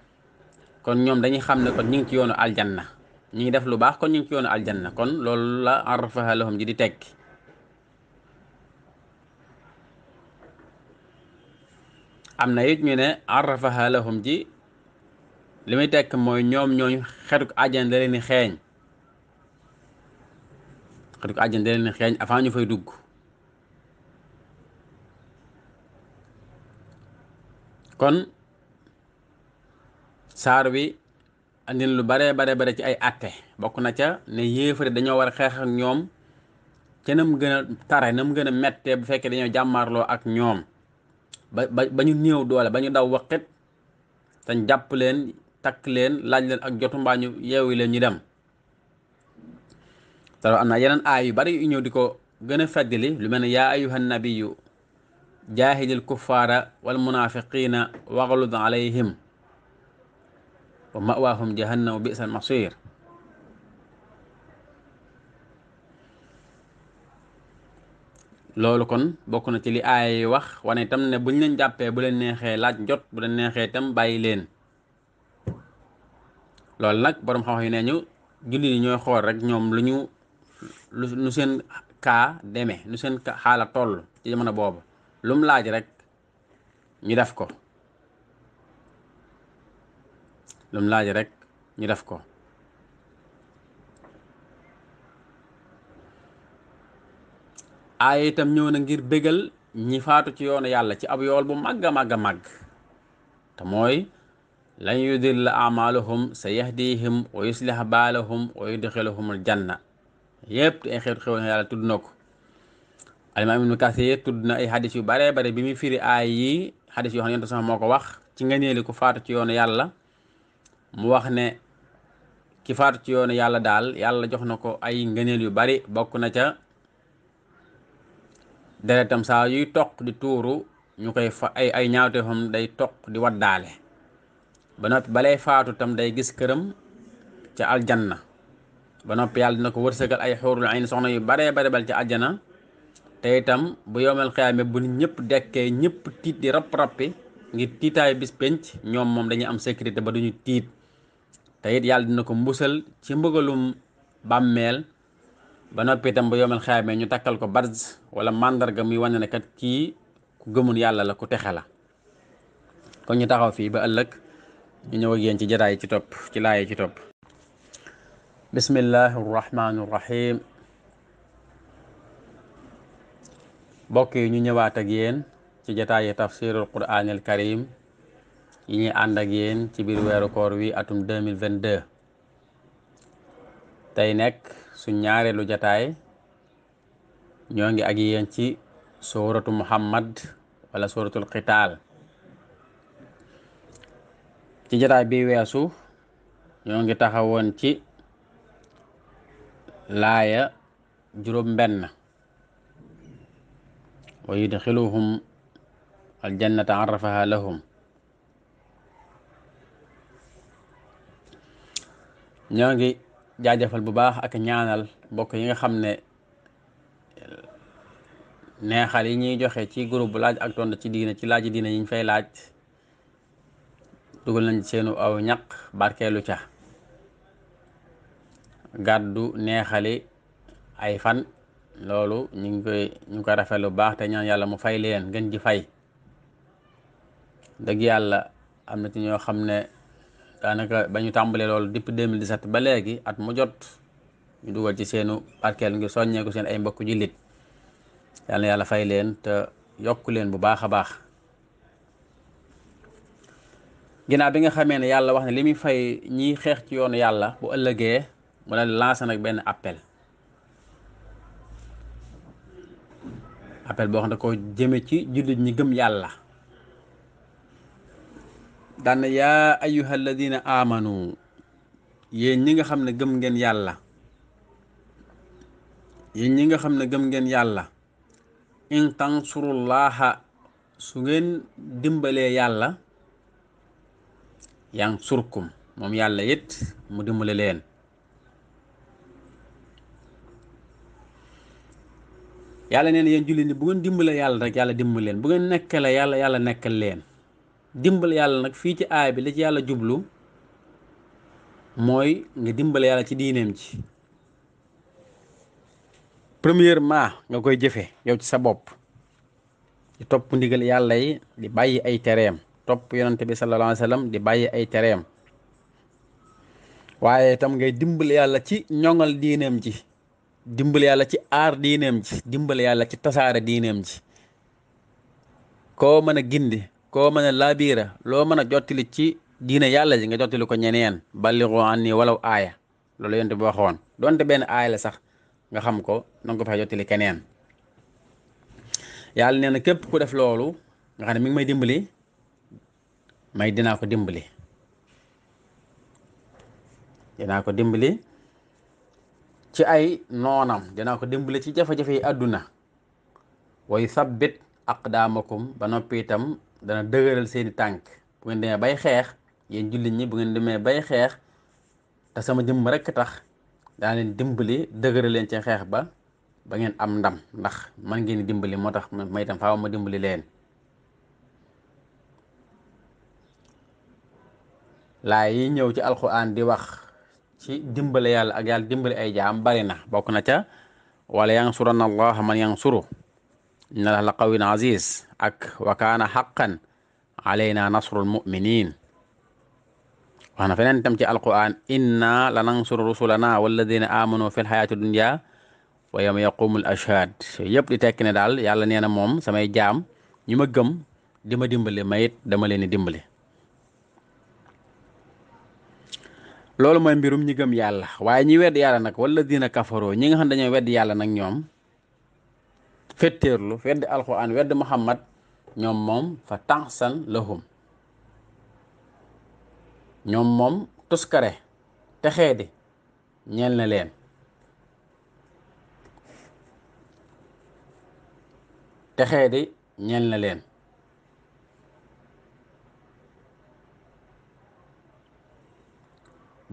kon ñoom dañuy xam ne kon ñu ngi ci yoonu aljanna ñu ngi def lu baax kon ñu ngi ci yoonu aljanna kon loolu la arfaha lahum ji di tekk am na it ñu ne arfaha lahum ji li muy tekk mooy ñoom ñooñu xetuk àjjana da xeeñ xetuk àjjana da leen di xeeñ avant ñu fay dugg kon saar wi andin lu bare bare bare ci ay àtte bokk na ca ne yéefare dañoo war a xeex ak ñoom ca na mu gën a tare na mu gën a mettee bu fekkee dañoo jàmmarloo ak ñoom ba ba ba ñu néew doole ba ñu daw waqit tañ jàpp leen takk leen laaj leen ak jotu mbaa ñu yeewi leen ñu dem te am na yeneen aay yu bari yu ñëw di ko gën a feddali lu mel ne yaa ayuhan nabiyu jaahidil kuffaara wal munaafiqiina waxlud alayhim wa mawaahum jahannamu bi'sal masiir loolu kon bokk na ci li aaya yi wax wane tam ne bu buñ leen jàppee bu leen neexee laaj njot bu leen neexee tam bàyyi leen loolu nag boroom xam-xam yi nee ñu jullit ñooy xool rek ñoom lu ñu lu nu seen kaa deme nu seen xaala toll ci jamono boobu lum laaj rek ñu def ko lum laaj rek ñu def ko aaya itam ñëw na ngir bégal ñi faatu ci yoonu yàlla ci ab yool bu màgg a màgg a màgg te mooy lan yudilla amaaluhum sa yahdihim wa yuslih baalahum wa yudxiluhum al janna yépp ay xeetu xew na yàlla tudd na ko alimaam ibnu kasir tudd na ay xadis yu bare bare bi muy firi aay yi xadis yoo xam sax moo ko wax ci nga neeli ku faatu ci yoon yàlla mu wax ne ki faatu ci yoon yàlla daal yàlla jox na ko ay ngëneel yu bari bokk na ca deretam saa yuy toq di tuuru ñu koy fa ay ay ñaawteefam day toq ba noppi balay faatu tam day gis këram ca aljanna ba noppi yàlla dina ko wërsëgal ay xuurul ayn soxna yu bare bari bal ca aljana te itam bu yowmal xiyaame bu ñëpp dekkee ñëpp tiit di rap-rappi ngir tiitaayu bis penc ñoom moom dañu am sécurité ba duñu tiit te it yàlla dina ko mbusal ci mbugalum bàmmeel ba noppi itam bu yowmal xiyaame ñu takkal ko barz wala màndarga muy wane ne kat kii ku gëmul yàlla la ku texe la kon ñu taxaw fii ba ëllëg ñu ñëw ak yéen ci jataay ci topp ci laay ci topp bismillahi mbokk yi ñu ñëwaat a yéen ci jataayi tafsirul quraanil karim yi ñuy ànd ak yéen ci biir weeru koor wi atum 2022 tey nekk su ñaareelu jataay ñoo ngi ak yéen ci suuratu muhammad wala suuratul qitaal ci jataay bi weesu ñoo ngi taxawoon ci laaya juróom benn wa yudxiluhum aljannata arrafaha lahum ñoo ngi jaajëfal bu baax ak ñaanal mbokk yi nga xam ne neexal yi ñuy joxe ci groupe bu laaj ak tontu ci diina ci laaj diina yi ñu fay laaj dugal nañ seenu aw ñaq barkeelu ca gàddu neexali ay fan loolu ñu ngi koy ñu ngi koy rafet lu baax te ñaan yàlla mu fay leen ngeen ji fay dëgg yàlla am na ci ñoo xam ne daanaka ba ñu tàmbalee loolu depuis 2017 ba léegi at mu jot ñu dugal ci seenu barkeel ngir soññeeku seen ay mbokku jullit yal yàlla fay leen te yokk leen bu baax a baax ginnaaw bi nga xamee ne yàlla wax na li muy fay ñiy xeex ci yoonu yàlla bu ëllëgee mu la lancé nag benn appel appel boo xam ne ko jëme ci jullit ñi gëm yàlla daan na yaa ayyuha alladina amanu yéen ñi nga xam ne gëm ngeen yàlla yéen ñi nga xam ne gëm ngeen yàlla in tansurullaha su ngeen dimbalee yàlla yansurkum moom yàlla it mu dimbale leen yàlla neen na yéen jullit ñi bu ngeen dimbale yàlla rek yàlla dimbal leen bu ngeen nekkale yàlla yàlla nekkal leen dimbal yàlla nag fii ci aay bi la ci yàlla jublu mooy nga dimbale yàlla ci diineem ci premièrement nga koy jëfe yow ci sa bopp di topp ndigal yàlla yi di bàyyi ay tereem topp yonante bi sallallahu alayhi di bàyyi ay tereem waaye itam ngay dimbale yàlla ci ñoŋal diineem ci dimbali yàlla ci aar diineem ji dimbali yàlla ci tasaare diineem ji koo mën a gindi ko mën a laabiira loo mën a jottali ci diine yàlla ji nga jottali ko ñeneen balligu anni walaw aaya loolu yonent bi waxoon donte benn aaya sax nga xam ko nanga ko fexe jottali keneen yàlla nee na képp ku def loolu nga xam ne mi ngi may dimbali may dinaa ko dimbali dinaa ko dimbali ci ay noonam dinaa ko dimbale ci jafe-jafe yi àdduna ak sabbit aqdaamakum ba noppi itam dana dëgëral seeni tànk bu ngeen demee bay xeex yéen jullit ñi bu ngeen demee bay xeex te sama jëmm rekk tax daa leen dimbali dëgëral leen ci xeex ba ba ngeen am ndam ndax man ngeen dimbali moo tax may itam faaw ma dimbali leen laay yi ñëw ci alxuraan di wax ci dimbale yàlla ak yàlla dimbale ay jaam bari na bokk na ca wala yansuranna allaha man yansuru inna la qawiyun aziz ak wa kaana xaqan alayna nasrul muminin wax na feneen tam ci alquran inna la nansuru rusulana walladina amanu fi lxayaati dunia wa yawma yaqumu l ashhad di tekki ne daal yàlla nee na moom samay jaam ñu ma gëm dimbale mayit dama leen di dimbale loolu mooy mbirum ñi gëm yàlla waaye ñi wedd yàlla nag wala diina kafaroo ñi nga xam dañoo wedd yàlla nag ñoom fetteerlu wedd alquran wedd muhammad ñoom moom fa tansan lahum ñoom moom tuskare texee di ñeel na leen texee di ñeel na leen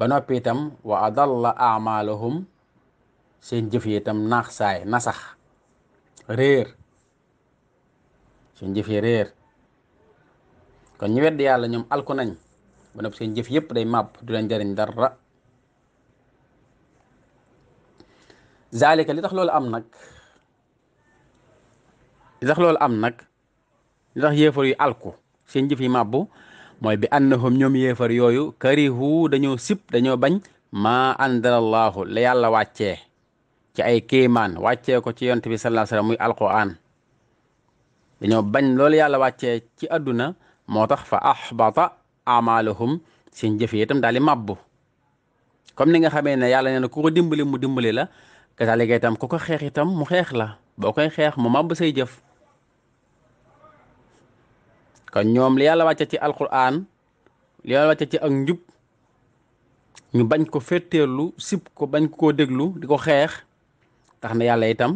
ba noppi itam wa adalla amalahum seen jëf yi itam naax saay nasax réer seen jëf réer kon ñu wedd yàlla ñoom alku nañ ba noppi seen jëf yëpp day màpp du leen jariñ dara zalika li tax loolu am nag li tax loolu am nag li tax yéefar yu alku seen jëf yi màbbu mooy bi annahum ñoom yéefar yooyu karihu dañoo sib dañoo bañ maa andalallahu la yàlla wàccee ci ay kéemaan wàccee ko ci yonent bi sallallahu muy alquran dañoo bañ loolu yàlla wàccee ci àdduna moo tax fa ahbata amaaluhum seen jëf yi itam daal di màbbu comme ni nga xamee ne yàlla nee na ku ko dimbali mu dimbali la kasaalika itam ko xeex mu xeex la boo koy xeex mu màbb say jëf kon ñoom li yàlla wàcce ci alquran li yàlla wàcce ci ak njub ñu bañ ko fétteerlu sib ko bañ koo déglu di ko xeex tax na yàlla itam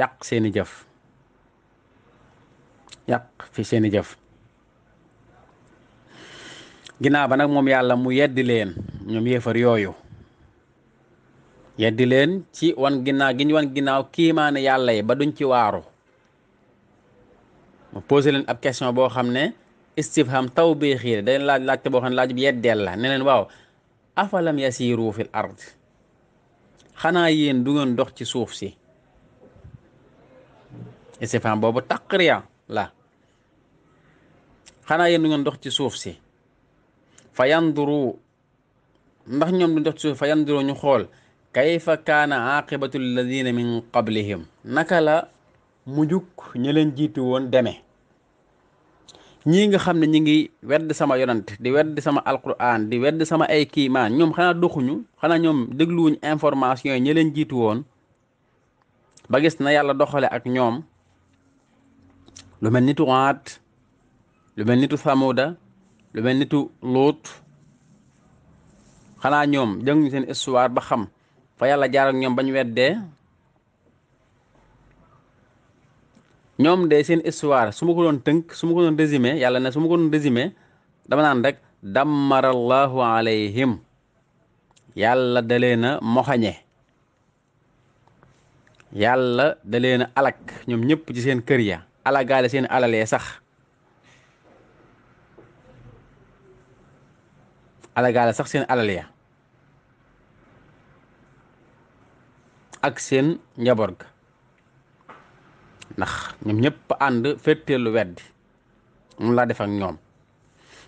yàq seeni jëf yàq fi seeni jëf ginnaaw ba nag moom yàlla mu yeddi leen ñoom yéefar yooyu yeddi leen ci wan ginnaaw gi ñu wan ginnaaw kiimaane yàlla yi ba duñ ci waaru posé leen ab question boo xam ne istifham taw la dañ laaj laajte boo xam ne laaj bi yeddeel la ne waaw afalam yasiiru fil ard xanaa yéen du ngeen dox ci suuf si istifham boobu taqriya la xanaa yéen du ngeen ci suuf si fa yanduru ndax ñoom du dox ci suuf fa yanduru ñu xool kayfa kaana aqibatu alladina min qablihim naka la mujjug ñi leen jiitu woon demee ñii nga xam ne ñi ngi wedd sama yonant di wedd sama alquran di wedd sama ay kiimaan ñoom xanaa doxuñu xanaa ñoom dégluwuñu information yi ñi leen jiitu woon ba gis na yàlla doxale ak ñoom lu mel nitu Aat lu mel nitu Samuda lu mel nitu Luut xanaa ñoom jënguñu seen histoire ba xam fa yàlla jaar ak ñoom ba weddee ñoom de seen histoire su ma ko doon tënk su ma ko doon résumé yàlla ne su ma ko doon résumé dama naan rek dammarallahu alayhim yàlla da na a moxañe yàlla da leen a ñoom ñépp ci seen kër ya alagaale seen alalee sax alagaale sax seen alal ya ak seen njaboot ga ndax ñoom ñëpp ànd fétteelu weddi mun laa def ak ñoom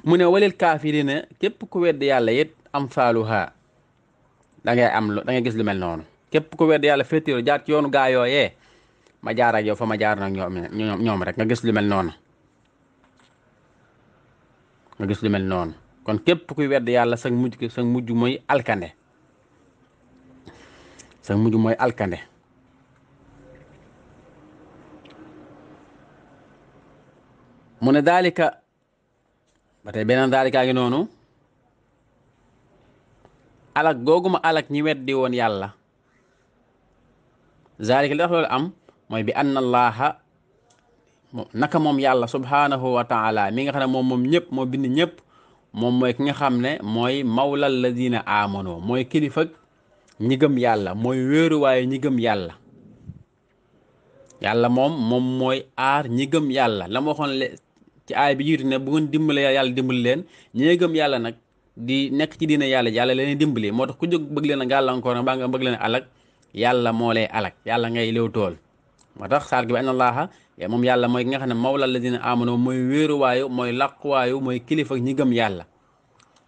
mu ne walil kaafirina képp ku wedd yàlla it am faaluha da ngay am da ngay gis lu mel noonu képp ku wedd yàlla fétteelu jaar ci yoonu gaa yooyee ma jaar ak fa ma jaar nag ñoom ñoom rek nga gis lu mel noonu nga gis lu mel noonu kon képp ku wedd yàlla sa mujj sa mujj mooy alkande sa mujj mooy alkande mu ne daalika ba tey beneen daalikaa ngi noonu alak googuma alak ñi weddi woon yàlla zaalika li tax loolu am mooy bi anna allaha naka moom yàlla subhanahu wa taala mi nga xam ne moom moom ñëpp moo bind ñëpp mooy ki nga xam ne mooy mawla alladina mooy kilifa ñi gëm yàlla mooy wéeruwaayu ñi gëm yàlla yàlla moom moom mooy aar ñi gëm yàlla la ma ci aay bi jiitu ne bu ngeen dimbale yàlla dimbali leen ñi gëm yàlla nag di nekk ci diina yàlla yàlla leen dimbali moo tax ku jóg bëgg leen a gàllankoor mbaa nga bëgg leen a yàlla moo lay alak yàlla ngay léew tool moo tax saar gi bi anna laaha moom yàlla mooy ki nga xam ne mawla alladina amanu mooy wéeruwaayu mooy làquwaayu mooy kilifa ñi gëm yàlla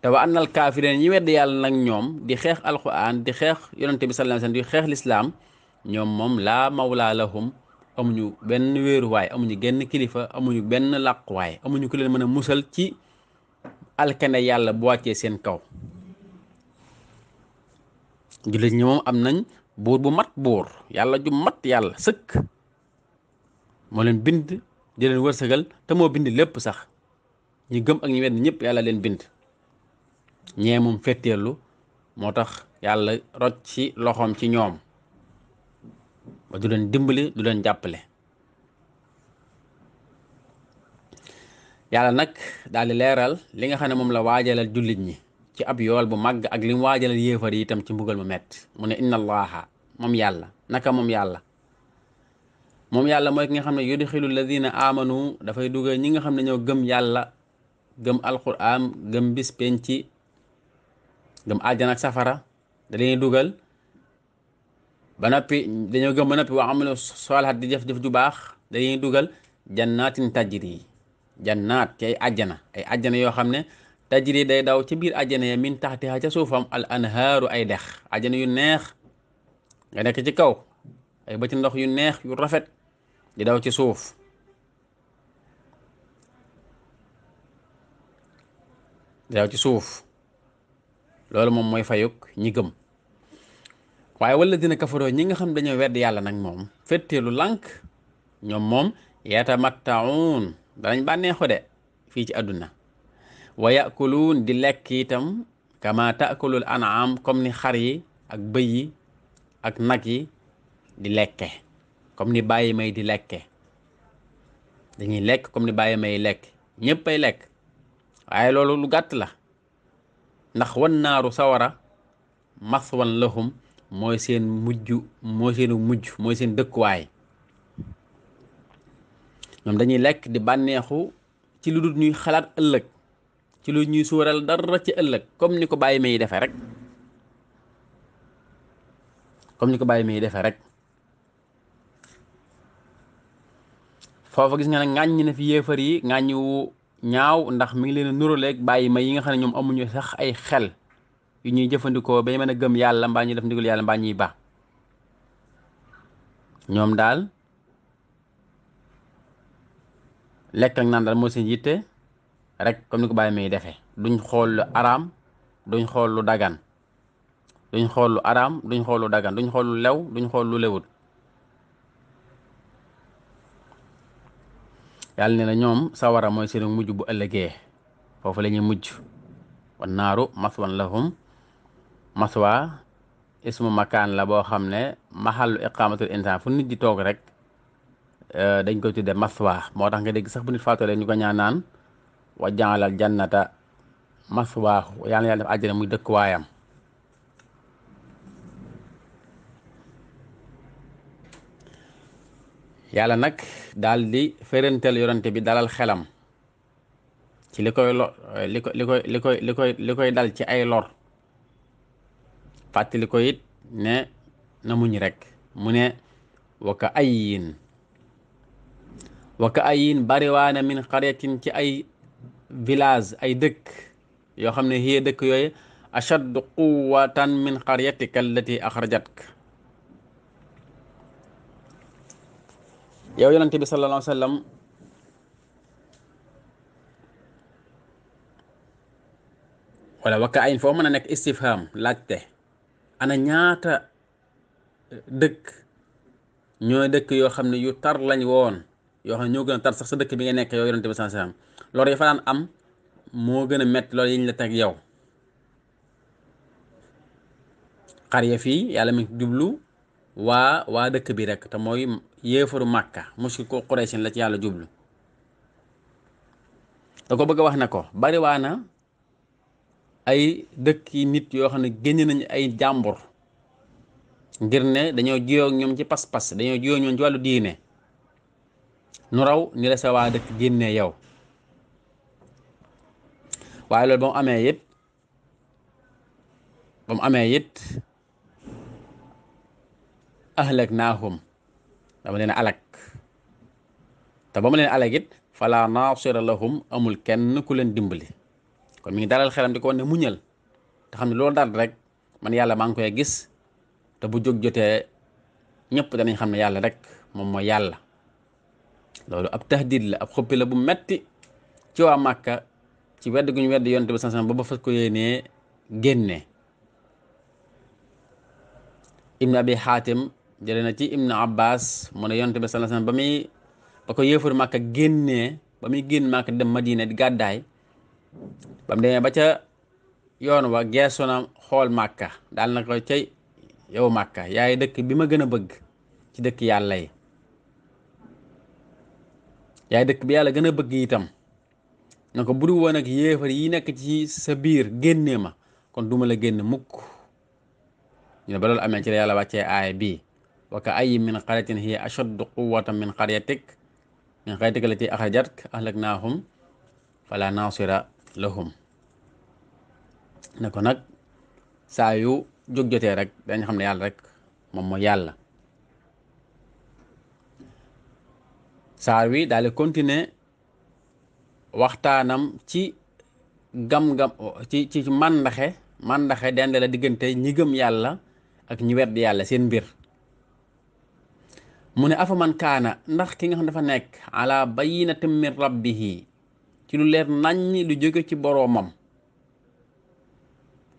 te wa annal kaafiriin ñi wedd yàlla nag ñoom di xeex alquran di xeex yonente bi sallallahu alayhi di xeex lislaam ñoom moom laa mawla amuñu benn wéeruwaay amuñu genn kilifa amuñu benn làquwaay amuñu ku leen mën a musal ci alkande yàlla bu wàccee seen kaw jullit ñi moom am nañ buur bu mat buur yàlla ju mat yàlla sëkk moo leen bind di leen wërsëgal te moo bind lépp sax ñu gëm ak ñu wedd ñëpp yàlla leen bind ñee moom fetteelu moo tax yàlla rocc ci loxoom ci ñoom ba du leen dimbali du leen jàppale yàlla nag daal di leeral li nga xam ne moom la waajalal jullit ñi ci ab yool bu màgg ak lim mu waajalal yéefar yi itam ci mbugal mu metti mu ne inna allaha moom yàlla naka moom yàlla moom yàlla mooy ki nga xam ne yudxilu alladina amanu dafay dugal ñi nga xam ne ñoo gëm yàlla gëm alquran gëm bis penci gëm àjjana safara da leen dugal ba noppi dañoo gëm ba noppi wax solaat di jëf jëf ju baax dañuy dugal jannaatin tajri yi jannaat ci ay ajjana ay ajjana yoo xam ne tajri yi day daw ci biir ajjana ya min taxtiha ca suufam al anhaaru ay dex ajjana yu neex nga nekk ci kaw ay bëti ndox yu neex yu rafet di daw ci suuf di daw ci suuf loolu moom mooy fayuk ñi gëm waaye wala dina kafaroo ñi nga xam dañoo wedd yàlla nag moom fetteelu lank ñoom moom yatamattaun danañ bànneexu de fii ci àdduna wa yakuluun di lekk itam kama takulul anaam comme ni xar yi ak bëy yi ak nag yi di lekke comme ni bàyyi may di lekke dañuy lekk comme ni bàyyi may lekk ñëpp ay lekk waaye loolu lu gàtt la ndax wan naaru sawara maswan lahum mooy seen mujj mooy seenu mujj mooy seen dëkkuwaay ñoom dañuy lekk di bànneexu ci lu dul ñuy xalaat ëllëg ci lu ñuy suural dara ci ëllëg comme ni ko bàyyi may defe rek comme ni ko bàyyi may defe rek foofa gis nga ne ŋàññi na fi yéefar yi ŋàññi wu ñaaw ndax mi ngi leen a nuraleeg bàyyi may yi nga xam ne ñoom amuñu sax ay xel yu ñuy jëfandikoo bañ mën a gëm yàlla mbaa ñuy def ndigal yàlla mbaa ñuy ba ñoom daal lekk ak naan daal moo seen yitte rek comme ni ko bàyyi may defee duñ xool lu araam duñ xool lu dagan duñ xool lu araam duñ xool lu dagan duñ xool lu lew duñ xool lu lewut yàlla ne na ñoom sawara mooy seen mujj bu ëllëgee foofu lañuy mujj wan naaru maswan lahum maswa ismu makaan la boo xam ne maxallu iqaamatul insaan fu nit di toog rek euh, dañ koy tudde maswa moo tax nga dégg sax bu nit faatoolee ñu ko ñaan naan wa jaalal jannata maswaahu yàlla yàlla def àjjana muy dëkkuwaayam yàlla nag daal di féranteel yorante bi dalal xelam ci li koy lo ko li koy li koy li koy li koy dal ci ay lor fàttali ko it ne na muñ rek mu ne waka ayin waka ayin bariwaana min xaryatin ci ay village ay dëkk yoo xam ne hiye dëkk yooyu ashaddu quwatan min xaryatika allati axrajatk yow yonente bi sallallahu wala waka ayin foo mën a nekk istifham laajte ana ñaata eh, dëkk ñooy dëkk yoo xam ne yu tar lañ woon yoo xam ne ñoo gën a tar sax sa dëkk bi nga nekk yow yonente bi sallallahu alayhi wasallam loolu ya fa daan am moo gën a metti loolu yiñ la teg yow xar ya fii yàlla mi jublu waa waa dëkk bi rek te mooy yéefaru màkka mushrik ko Quraysh la ci yàlla jublu da ko bëgg a wax ne ko bari ay dëkk yi nit yoo xam ne génne nañ ay jàmbur ngir ne dañoo jiyoo ñoom ci pas-pas dañoo jiyoo ñoom ci wàllu diine nu raw ni la dëkk génnee yow waaye loolu ba mu amee yit ba mu amee yit ahlak naahum dama leen alak te ba mu leen alak it fala naasira lahum amul kenn ku leen dimbali kon mi ngi dalal xelam di ko ne muñal te xam ne loolu daal rek man yàlla maa ngi koy gis te bu jóg jotee ñëpp danañ xam ne yàlla rek moom mooy yàlla loolu ab tahdid la ab xuppi la bu metti ci waa màkka ci wedd gu ñu wedd yonent ba ba fas ko yéenee génne ibn abi xaatim jële na ci ibn abbas mu ne yonent bi sansan ba muy ba ko yéefar màkka génnee ba muy génn màkka dem madina di gàddaay ba mu demee ba ca yoon wa geesu na xool màkka daal na ko cay yow màkka yaay dëkk bi ma gën a bëgg ci dëkk yàlla yi yaay dëkk bi yàlla gën a bëgg itam na ko bu buru woon ak yéefar yi nekk ci sa biir génnee ma kon duma la génn mukk ñu ne ba loolu amee ci la yàlla wàccee ay bi wa ka ayyin min qaryatin hiya ashaddu quwwatan min qaryatik min qaryatik allati akhrajatk ahlaknahum fala nasira lahum ne ko nag saa yu jóg jotee rek dañ xam ne yàlla rek moom mooy yàlla saar wi daal di continuer waxtaanam ci gam-gam ci ci màndaxe màndaxe dend la diggante ñi gëm yàlla ak ñi wedd yàlla seen mbir mu ne afa man kaana ndax ki nga xam dafa nekk na bayyinatin min rabbihi ci lu leer naññ lu jóge ci boroomam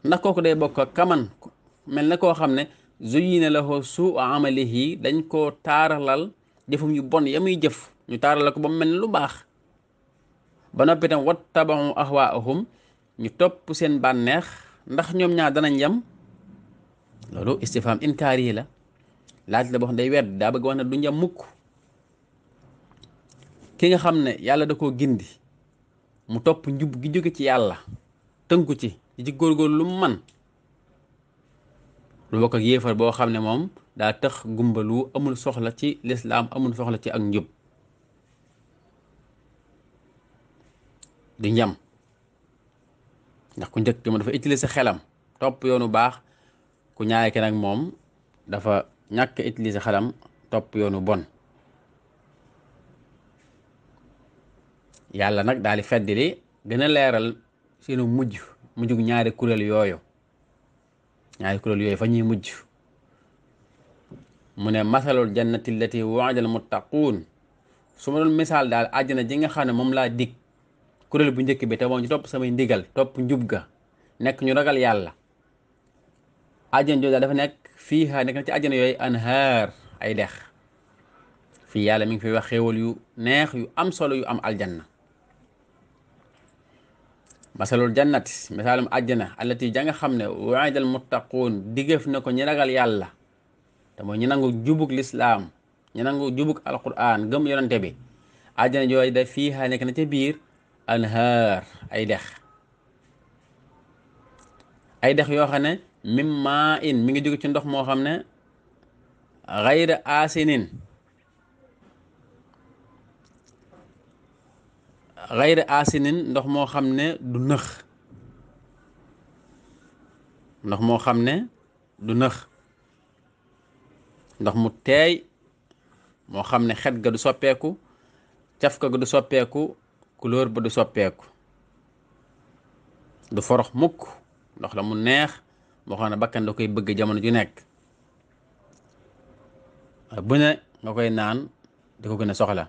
ndax kooku day bokk kaman mel na koo xam ne zuyina lahu suu yi dañ koo taaralal jëfum yu bon ya muy jëf ñu taaralal ko ba mel ne lu baax ba noppi tam wattabahu ahwaahum ñu topp seen bànneex ndax ñoom ñaar danañ yem loolu istifham inkaar yi la laaj la boo xam day wedd daa bëgg wax ne du njam mukk ki nga xam ne yàlla da koo gindi mu topp njub gi jóge ci yàlla tënku ci di ci góorgóorlu lu man lu bokk ak yéefar boo xam ne moom daa tëx lu amul soxla ci lislaam amul soxla ci ak njub di njam ndax ku njëkk ma dafa utiliser xelam topp yoonu baax ku ñaare ki nag moom dafa ñàkk utilise xelam topp yoonu bon yàlla nag daal di feddali gën leeral seenu mujj mujjug ñaari kuréel yooyu ñaari kuréel yooyu fa ñuy mujj mu ne masalul jannati allati waadal muttaquun su ma doon misaal daal àjjana ji nga xam ne moom laa dig kuréel bu njëkk bi te moom samay ndigal topp njub ga nekk ñu ragal yàlla àjjana jooju daal dafa nekk fii xaa nekk na ci àjjana yooyu anhaar ay dex fii yàlla mi ngi fi wax xéewal yu neex yu am solo yu am aljanna masalul jannat misaalum àjjana allati ja nga xam ne waidal muttaquun diggéef na ko ñi ragal yàlla te mooy ñi nangu jubug lislaam ñi nangu jubug alquran gëm yonante bi àjjana jooju da fiiha nekk na ca biir anhaar ay dex ay dex yoo xam ne maa in mi ngi jóge ci ndox moo xam ne xayra asinin xayri asinin ndox moo xam ne du nëx ndox moo xam ne du nëx ndox mu teey moo xam ne xet ga du soppeeku cafka ga du soppeeku couleur ba du soppeeku du forox mukk ndox la mu neex moo xam ne bakkan da koy bëgg jamono ju nekk bu ne nga koy naan di ko gën a soxla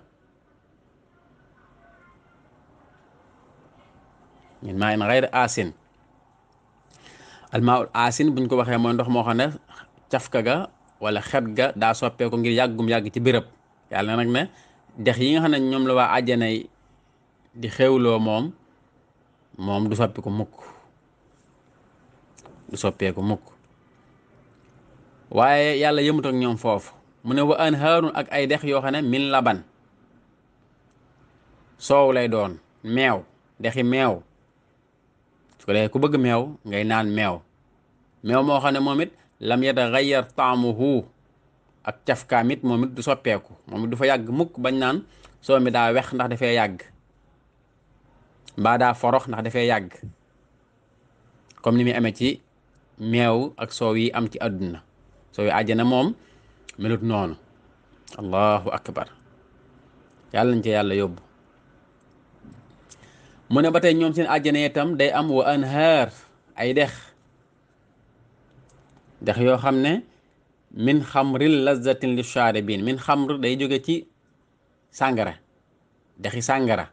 min maa in xayr asin almaa ul asin buñ ko waxee mooy ndox moo xam ne cafka ga wala xet ga daa soppeeku ngir yàggum yàgg ci béréb yàlla nag ne dex yi nga xam ne ñoom la waa àjjana di xewloo moom moom du soppiku mukk du soppeeku mukk waaye yàlla yëmut ñoom foofu mu ne wa anhaarun ak ay dex yoo xam ne miin laban soow lay doon meew dexi meew su ku bëgg meew ngay naan meew meew moo xam ne moom it lam yataxayyar taamuhu ak cafkaam it moom it du soppeeku moom it du fa yàgg mukk bañ naan soo mi daa wex ndax dafee yàgg mbaa daa forox ndax dafee yàgg comme ni muy amee ci meew ak soow yi am ci àdduna soow yi na moom melut noonu allahu akbar yàlla nañ ci yàlla yóbbu mu ne ba tey ñoom seen àjjana itam day am wa anhaar ay dex dex yoo xam ne min xamril lazatin li shaaribin min xamr day jóge ci sàngara dexi sàngara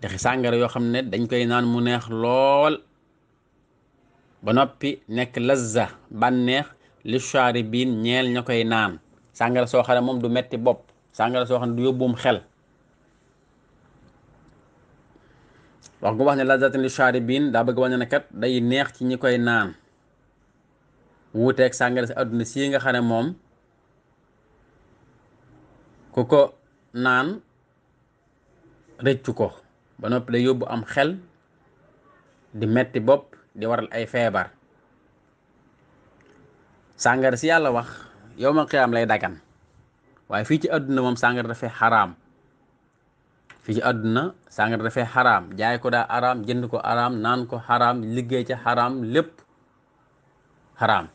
dexi sàngara yoo xam ne dañ koy naan mu neex lool ba noppi nekk lazza bànneex li biin ñeel ña koy naan sangara soo xam moom du metti bopp sàngara soo xam ne du yóbbum xel wax gu wax ne lazzatin li shaaribiin daa bëgg wax na ne kat day neex ci ñi koy naan wuuteeg sàngara si àdduna sii nga xam ne moom ku ko naan rëccu ko ba noppi day yóbbu am xel di metti bopp di waral ay feebar sàngara si yàlla wax yow ma xiyaam lay dagan waaye fii ci àdduna moom sàngara dafay xaraam fii ci àdduna sàngara dafay xaraam jaay ko daal xaraam jënd ko xaraam naan ko xaraam liggéey ca xaraam lépp xaraam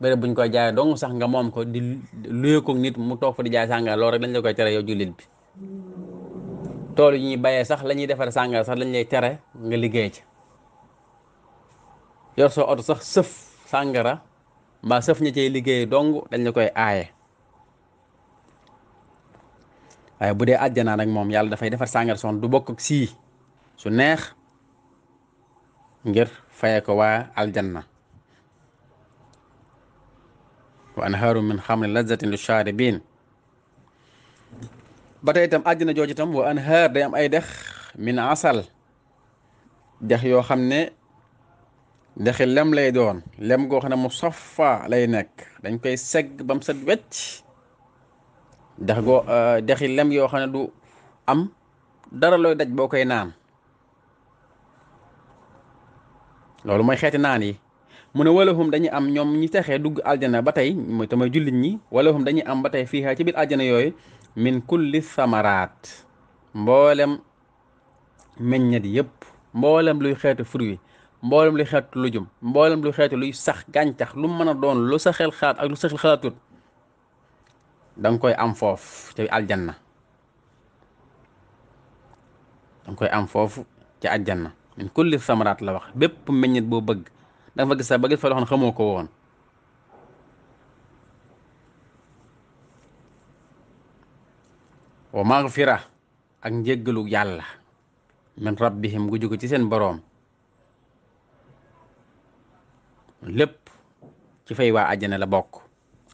bëri buñ koy jaay dong sax nga moom ko di luye ko nit mu toog fa di jaay sàngara loolu rek lañ la koy tere yi ñuy bayee sax la defar sàngara sax lañ lay tere nga liggéey ca yor soo oto sax sëf sàngara mbaa sëf ña liggéey dong dañ la koy aaye waaye bu dee àjjana nag moom yàlla dafay defar sàngara soon du bokk ak sii su neex ngir faye ko waa aljanna wa anhaaru min xamrin lazzatin li shaaribiin ba tey itam àjjana jooju itam wa anhaar day am ay dex min asal dex yoo xam ne dexi lem lay doon lem goo xam ne mu safa lay nekk dañ koy segg ba mu set wecc dex go euh, dexi lem yoo xam ne du am dara looy daj boo koy naan loolu mooy xeeti naan yi mu ne walahum dañuy am ñoom ñi texee dugg aljana ba tey mooy tamay jullit ñi walahum dañuy am ba tey fii ci biir aljana yooyu min kulli samaraat mboolem meññet yëpp mboolem luy xeetu fruit mboolem luy xeetu lujum mboolem luy xeetu luy sax gàncax lu mën a doon lu sa xel lu sa xel da koy am foofu ci aljanna da nga koy am foofu ci aljanna min kulli samaraat la wax bépp meññit boo bëgg da nga fa gis ba gis fa loo xam ne xamoo ko woon wa magfira ak njéggalu yàlla min bi gu jóge ci seen boroom lépp ci fay waa àjjana la bokk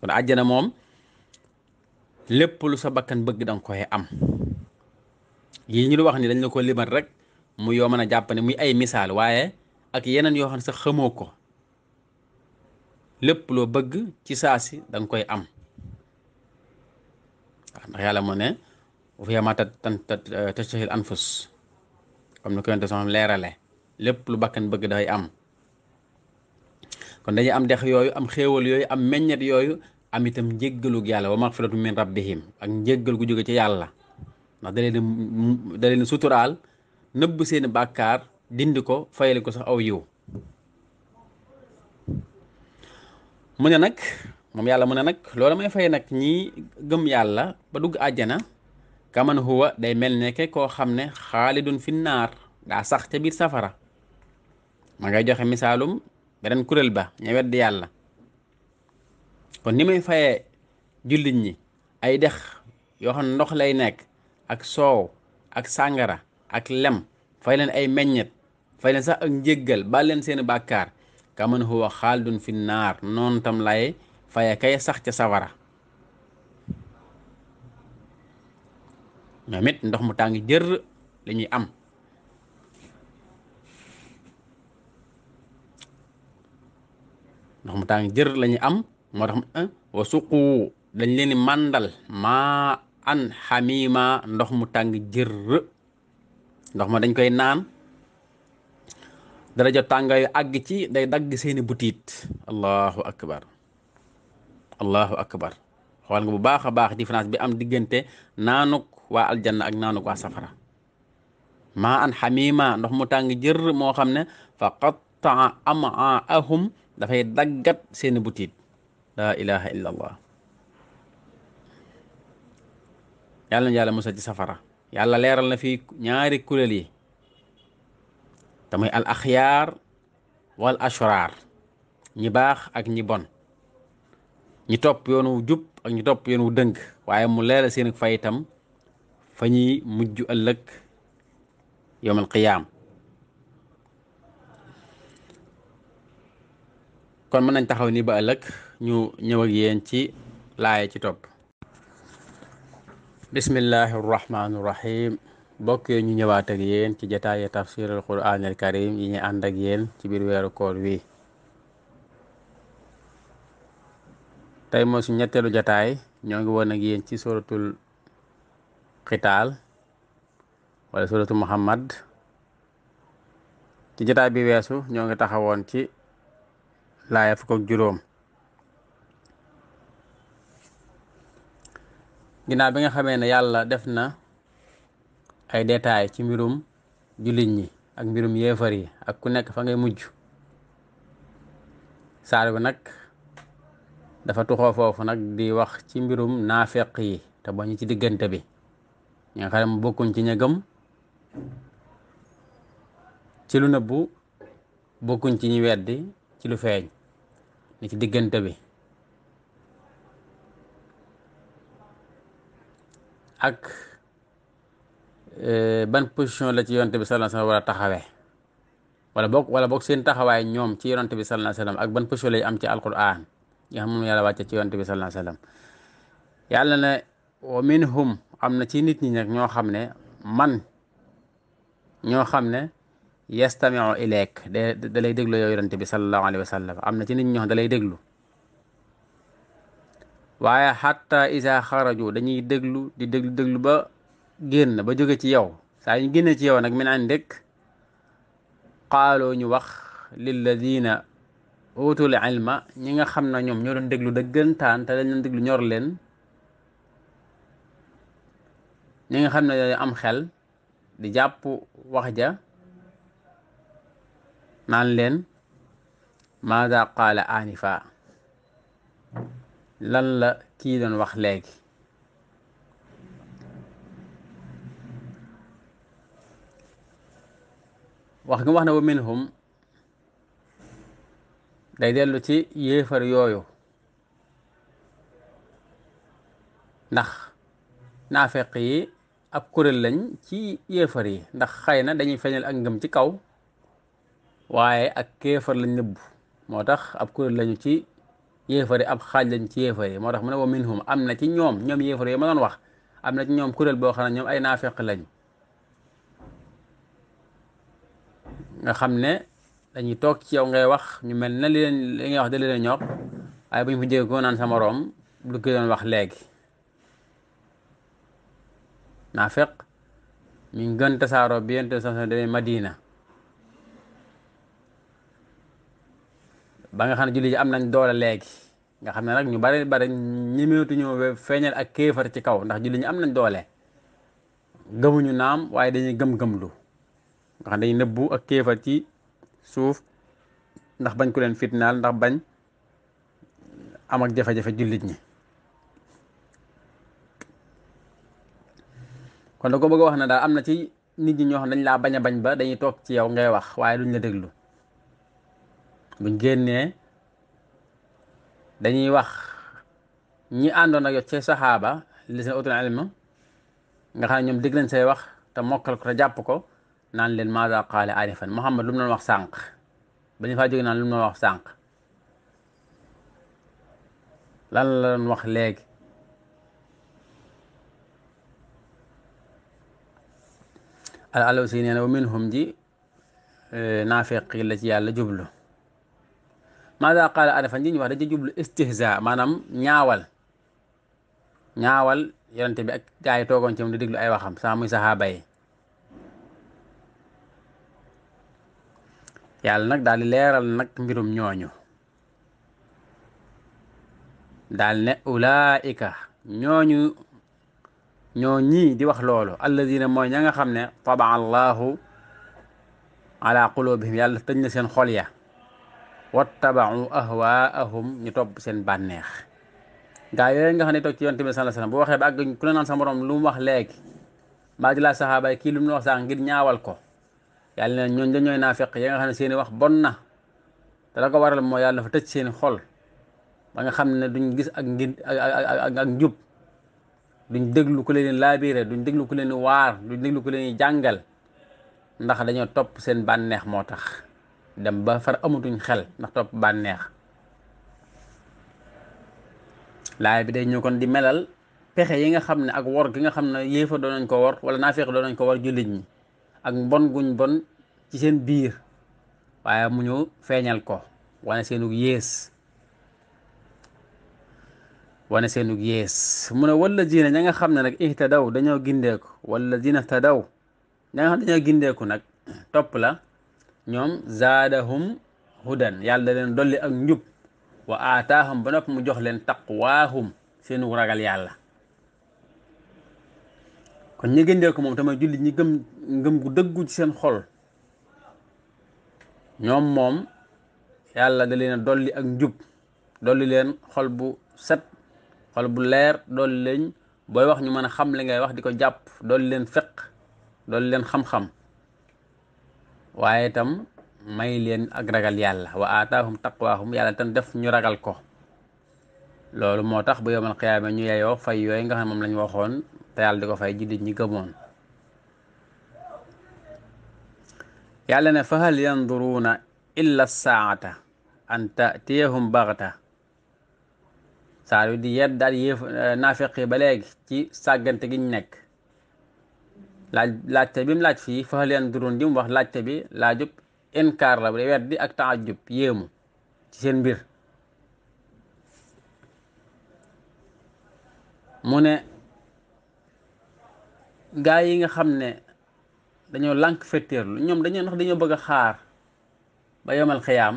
kon àjjana moom lépp lu sa bakkan bëgg danga koy am yi ñu wax ni dañ la ko limal rek mu yoo mën a jàpp ne muy ay misaal waaye ak yeneen yoo xam ne sax xamoo ko lépp loo bëgg ci saasi danga koy am waaw ndax yàlla mu ne bu ma ta tan eh, tastahil anfus comme ni ko yonte sama leerale lépp lu bakkan bëgg dafay am kon dañuy am dex yooyu am xéewal yooyu am meññeet yooyu am itam njéggalug yàlla wa maxfiratu min rabbihim ak njéggal gu jóge ci yàlla ndax da leen suturaal nëbb seeni bàkkaar dindi ko fayale ko sax aw yiw mu ne nag moom yàlla mu ne nag loolu may fay nag ñi gëm yàlla ba dugg àjjana kaman huwa day mel nekke koo xam ne xaalidun fi naar daa sax ca biir safara ma ngay joxe misaalum beneen kuréel ba ña wedd yàlla kon ni may fayee jullit ñi ay dex yoo xam ne ndox lay nekk ak soow ak sàngara ak lem fay leen ay meññet fay leen sax ak njéggal baal leen seeni bàkkaar kaman huwa xaaldun fi naar noonu tam lay faye kay sax ca sawara ñoom ndox mu tàng jër la am ndox mu tàng jër la am moo tax wa leen di màndal maa an xamima ndox mu tàng jër ndox ma dañ koy naan daraja tàngaayu àgg ci day dagg seeni butiit allahu akbar allahu akbar xool nga bu baax a baax différence bi am diggante naanuk waa aljanna ak naanuk waa safara ma an xamima ndox mu tàng jër moo xam ne fa qattaa amaahum dafay daggat seeni butiit laa ilaha illa yàlla na yàlla musal safara yàlla leeral na fi ñaari kuréel yi damay al axyaar wal ashraar ñi baax ak ñi bon ñi topp yoon wu jub ak ñi topp yoon wu dëng waaye mu leeral seen ak fa ñuy mujj ëllëg yowmal qiyaam kon mën nañ taxaw nii ba ëllëg ñu ñëw ak yéen ci laaya ci topp bismillahi rahmaani rahim bokk ñu ñëwaat yéen ci jataaye tafsir al quran al karim yi ñu ànd ak ci biir weeru koor wi tey moo suñ ñetteelu jataay ñoo ngi woon ak yéen ci suratul xitaal wala suratul muhammad ci jataay bi weesu ñoo ngi taxawoon ci laaya fukk juróom ginnaaw bi nga xamee ne yàlla def na ay détails ci mbirum jullit ñi ak mbirum yéefar yi ak ku nekk fa ngay mujj saar bi nag dafa tuxoo nag di wax ci mbirum naafeq yi te bañu ci diggante bi ñi nga xam ne bokkuñ ci ña ci lu nëbbu bokkuñ ci ñu weddi ci lu feeñ ni ci diggante bi ak eh, ban position la ci yonent bi sallallahu alayhi war a taxawee wala boog wala boog seen taxawaay ñoom ci yonent bi sallallahu alayhi wasallam ak ban position lay am ci alquran nga xam moom yàlla wàcce ci yonent bi sallallahu alayhi wasallam yàlla na wa minhum am na ci nit ñi nag ñoo xam ne man ñoo xam ne yastami'u ilayk da da lay déglu yow yonent bi sallallahu alayhi wasallam am na ci nit ñoox da lay déglu waaye xatta isa xaraju dañuy déglu di déglu déglu ba génn ba jóge ci yow saa ñu génne ci yow nag min indik qaaloo ñu wax lilladina utul ilma ñi nga xam na ñoom ñoo doon déglu dëggantaan te dañ doon ñor leen ñi nga xam ne am xel di jàpp wax ja naan leen maada qaala anifa lan la kii doon wax léegi wax nga wax na wa minhum day dellu ci yéefar yooyu ndax naafeq yi ab kuréel lañ ci yéefar yi ndax xëy na dañuy feeñal ak ngëm ci kaw waaye ak kéefar lañ nëbb moo tax ab kuréel lañu ci yéefari ab xaaj lañ ci yéefari moo tax mu ne wa minhum am na ci ñoom ñoom yéefari yi ma doon wax am na ci ñoom kuréel boo xam ne ñoom ay naafeq lañ nga xam ne dañuy toog ci yow ngay wax ñu mel na li leen li ngay wax da leen ñor waaye bu ñu fa jege ko naan sa moroom lu ki doon wax léegi naafeq ñu gën tasaaroo bi yente sanson demee Madina ba nga xam ne julli ji am nañ doole léegi nga xam ne nag ñu bari bari ñemeetu ñoo feeñal ak kéefar ci kaw ndax julli ñu am nañ doole gëmuñu naam waaye dañuy gëm-gëmlu nga xam dañuy nëbbu ak kéefar ci suuf ndax bañ ku leen fitnaal ndax bañ am ak jafe-jafe jullit ñi kon da bëgg wax ne daal am na ci nit ñi ñoo xam dañ laa bañ a bañ ba dañuy toog ci yow ngay wax waaye duñ la déglu buñ génnee dañuy wax ñi àndoon ak yow ci saxaaba li seen utul ilm nga xam ñoom dégg nañ say wax te mokkal ko te jàpp ko naan leen maza qaala anifan Muhammad lu mu doon wax sànq ba ñu faa jógee naan lu mu wax sànq lan la doon wax léegi al alusi nee na wa minhum ji eh, naafiq la ci yàlla jublu maada qaala arifan ji ñu wax dañ ci jublu istihza maanaam ñaawal ñaawal yonente bi ak gaa yi toogoon ci moom di déglu ay waxam saa muy saxaaba yi yàlla nag daal di leeral nag mbirum ñooñu daal ne ulaika ñooñu ñoo ñii di wax loolu alladina mooy ña nga xam ne tabaa allahu ala qulubihim yàlla tëj na seen xol ya wat wattabau ahwaahum ñu topp seen bànneex gaa yooyu nga xam ne toog ci yonent bi sallallahu alayhi wasallam bu waxee ba àgg ku ne naan sa wax léegi maa ji laa saxaaba yi kii lu mu wax sax ngir ñaawal ko yàlla ne ñooñ dañooy naafeq yi nga xam ne seeni wax bon na te la ko waral mooy yàlla dafa tëj seeni xol ba nga xam ne duñ gis ak ngir ak ak njub duñ déglu ku leen laabiire duñ déglu ku leen waar duñ déglu ku leen jàngal ndax dañoo topp seen bànneex moo tax dem ba far amatuñ xel ndax topp bànneex laay bi day ñëw kon di melal pexe yi nga xam ne ak wor gi nga xam ne yéefa doon nañ ko wor wala naafeeq doon nañ ko wor jullit ñi ak mbon guñ bon ci seen biir waaye mu ñu feeñal ko wane seenug yées wane seenug yées mu ne wala jiina ña nga xam ne nag ihtadaw dañoo gindeeku wala jiina tadaw ña nga xam dañoo gindeeku nag topp la ñoom zaadahum hudan yàlla da leen dolli ak njub wa aataahum ba nopp mu jox leen taqwaahum seenu ragal yàlla kon ñi gëndee ko moom tamit jullit ñi gëm ngëm gu dëggu seen xol ñoom moom yàlla da leen dolli ak njub dolli leen xol bu set xol bu leer dolli leen booy wax ñu mën a xam li ngay wax di ko jàpp dolli leen feq dolli leen xam-xam waaye itam may leen ak ragal yàlla wa aataahum taqwaahum yàlla itam def ñu ragal ko loolu moo tax ba yowmal xiyaama ñu yeyoo fay yooyu nga xam moom lañ waxoon te yàlla di ko fay jullit ñi gëmoon yàlla ne fa hal yanduruuna illa saata an tatiyahum baxta saar wi di yedd daal yéef naafeq ba léegi ci sàggante gi nekk laaj laajte bi mu laaj fii fa leen duroon di mu wax laajte bi laajub inkaar la bu weddi ak taajub yéemu ci seen mbir mu ne gaa yi nga xam ne dañoo lànk fetteerlu ñoom dañu ndax dañoo bëgg xaar ba yomal xiyaam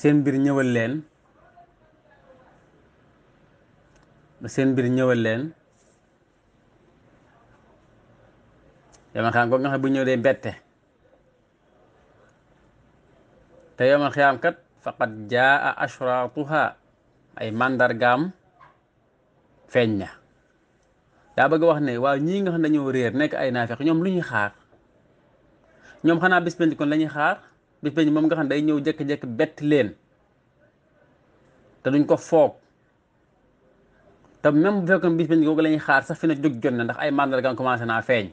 seen mbir ñëwal leen ba seen mbir ñëwal leen yomal xiyaam ko nga xam bu ñëw day bette te yomal xiyaam kat faqad jaa ay màndargaam feeñ na daa bëgg wax ne waaw ñii nga xam dañoo réer nekk ay naafeq ñoom lu ñuy xaar ñoom xanaa bis penc kon lañuy ñuy xaar bis penc moom nga xam day ñëw jékki-jékki bett leen te duñ ko foog te même bu fekkoon bis penc googu la ñuy xaar sax fi na jóg jot na ndax ay màndargaam commencé naa feeñ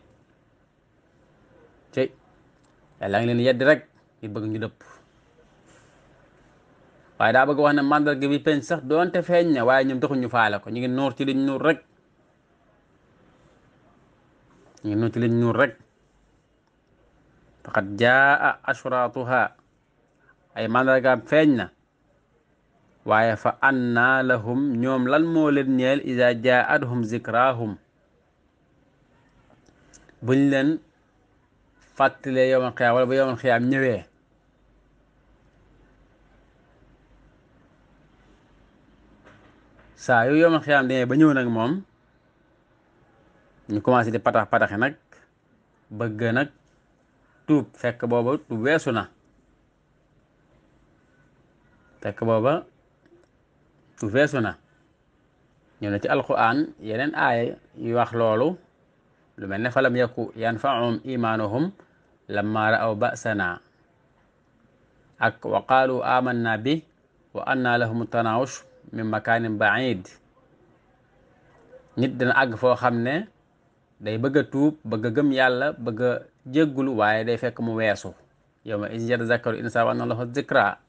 tey yàlla ngi leen yeddi rek ngir bëgg ñu dëpp waaye daa bëgg wax ne màndarga bi penc sax doonte feeñ na waaye ñoom taxuñu faale ko ñu ngi nuur ci liñ nuur rek ñu ngi rek faqad jaa ashratuha ay màndargaam feeñ na waaye fa anna lahum ñoom lan moo leen ñeel ida jaa adhum zikrahum buñ leen fàttalee yowmal xiyaam wala bu ñëwee saa yu yowmal xiyaam demee ba ñëw nag moom ñu commencé di patax pataxi nag bëgg nag tuub fekk booba tuub weesu na fekk booba tuub weesu na ñëw na ci alquran yeneen aaya yu wax loolu lu mel ne falam yaku yanfaahum imanuhum lammaa ra'aw ba'sanaa ak wa qaalu aamannaa bi wa annaa lahum tanaawush min makaanin ba'iid nit dana àgg foo xam ne day bëgg a tuub bëgg gëm yàlla bëgg a waaye day fekk mu weesu yow ma isin yatazakkaru insaan wa anna lahu zikra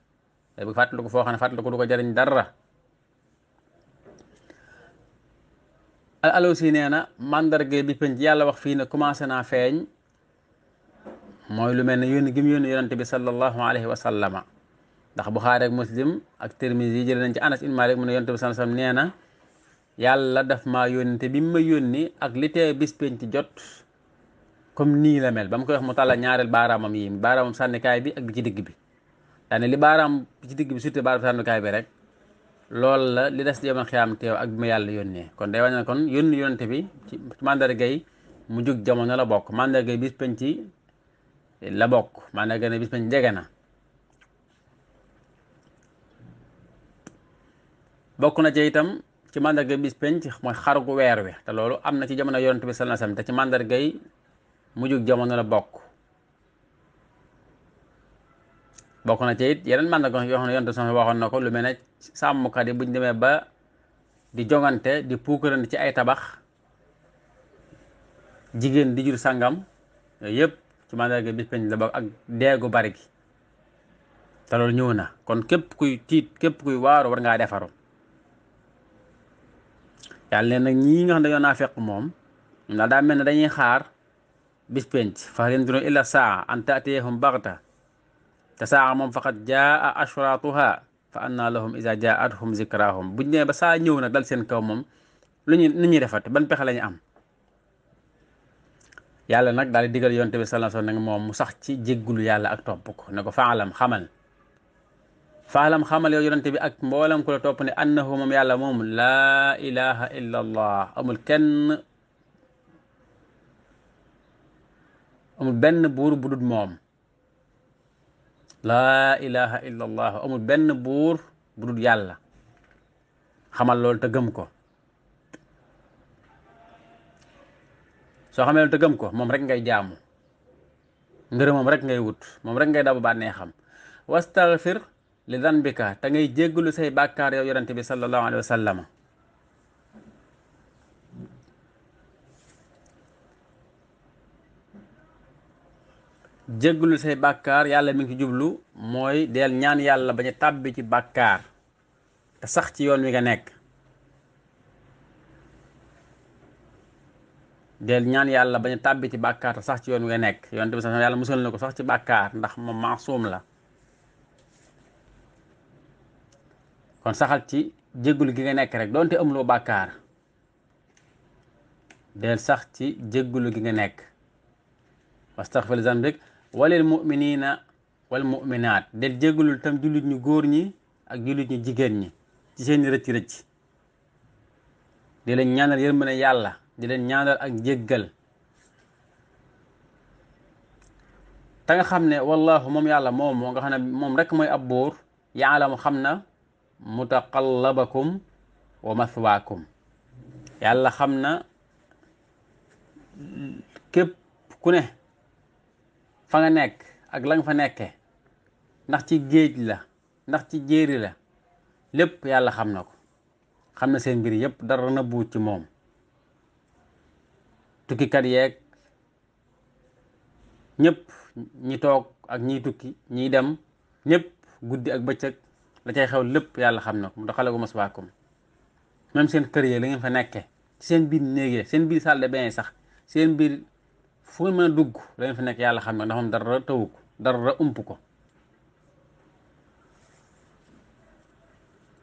day bëgg fàttaliku foo xam ne fàttaliku ko jëriñ dara al alusi nee na mandarga bi penc yàlla wax fii ne commencé naa feeñ mooy lu mel ne yoon gi mu yónni yonante bi sallallahu alayhi wa sallama ndax Buxaari ak Muslim ak Tirmisi yi jëlee nañ ci Anas ibn Malik mu ne yonante bi sallallahu alayhi nee na yàlla daf maa yónni te bi mu ma yónni ak li tee bis penc jot comme nii la ba mu koy wax mu tàlla ñaareel baaraamam yi baaraamam sànnikaay bi ak bi ci digg bi daane li baaraam bi ci digg bi surtout baaraam sànnikaay bi rek loolu la li des yoma xiyaam teew ak bi ma yàlla yónnee kon day wàññi kon yónni yonante bi ci mandargay mu jóg jamono la bokk mandargay bis penc la bokk maanaam gën a bis bañ jege na bokk na ci itam ci màndarga bis penc mooy xar gu weer wi te loolu am na ci jamono yonent bi sallallahu alayhi te ci màndarga yi mujjug jamono la bokk bokk na ci it yeneen màndarga yoo xam ne yonent sama waxoon na ko lu mel na sàmmkat yi buñ demee ba di jongante di puukarante ci ay tabax jigéen di jur sàngam yooyu ci mandarga bis penc la bokk ak deegu bari gi te loolu ñëw na kon képp kuy tiit képp kuy waaru war ngaa defaru yàlla ne nag ñii nga xam ne dañoo naa fekk moom ndax daa mel ne dañuy xaar bis penc fa yanzuru illa saa an taatiyahum baxta te saa moom faqad jaa a ashratuha fa anna lahum iza jaatuhum zikrahum buñ ne ba saa ñëw nag dal seen kaw moom lu ñuy lu ñuy defate ban pexe la am yàlla nag daal digal yonte bi sallallahu alayhi wa moom mu sax ci jéggulu yàlla ak topp ko ko faalam xamal faalam xamal yow yonente bi ak mboolam ku la topp ne annahu moom yàlla moom laa ilaha illa allah amul kenn amul benn buur bu moom laa ilaha illa allah amul benn buur bu dul yàlla xamal loolu te gëm ko soo xamee loolu te ko moom rek ngay jaamu moom rek ngay wut moom rek ngay dabu bànnee xam wastaghfir li danbika te ngay jéggalu say bàkkaar yow yonente bi sallallahu alayhi wa sallam say bàkkaar yàlla mi ngi jublu mooy del ñaan yàlla bañ a tàbbi ci bàkkaar te sax ci yoon wi nga nekk del ñaan yàlla bañ a tàbbi ci bàkkaar sax ci yoon wi nekk yoon bi sax yàlla musal na ko sax ci bàkkaar ndax moom maasuum la kon saxal ci jéggul gi nga nekk rek doonte amuloo bàkkaar del sax ci jéggulu gi nga nekk wastaxfir zambik walil na wal muminaat del jéggulul tam jullit ñu góor ñi ak jullit ñu jigéen ñi ci seeni rëcc rëcc di leen ñaanal yërmande yàlla di leen ñaanal ak njéggal te nga xam ne wallahu moom yàlla moom moo nga xam ne moom rek mooy ab buur yaalamu xam na mutaqallabakum wa mathwaakum yàlla xam na képp ku ne fa nga nekk ak la fa nekke ndax ci géej la ndax ci jéeri la lépp yàlla xam na ko xam na seen mbir yépp dara na buut ci moom tukkikat yeeg ñëpp ñi toog ak ñiy tukki ñiy dem ñëpp guddi ak bëccëg la cay xew lépp yàlla xam na ko mu doxale ko maswaakum même seen kër yee la ngeen fa nekke seen biir néeg seen biir salle de bain sax seen biir fu ngeen mën a dugg la ngeen fa nekk yàlla xam na ndax moom dara tëwu ko dara ump ko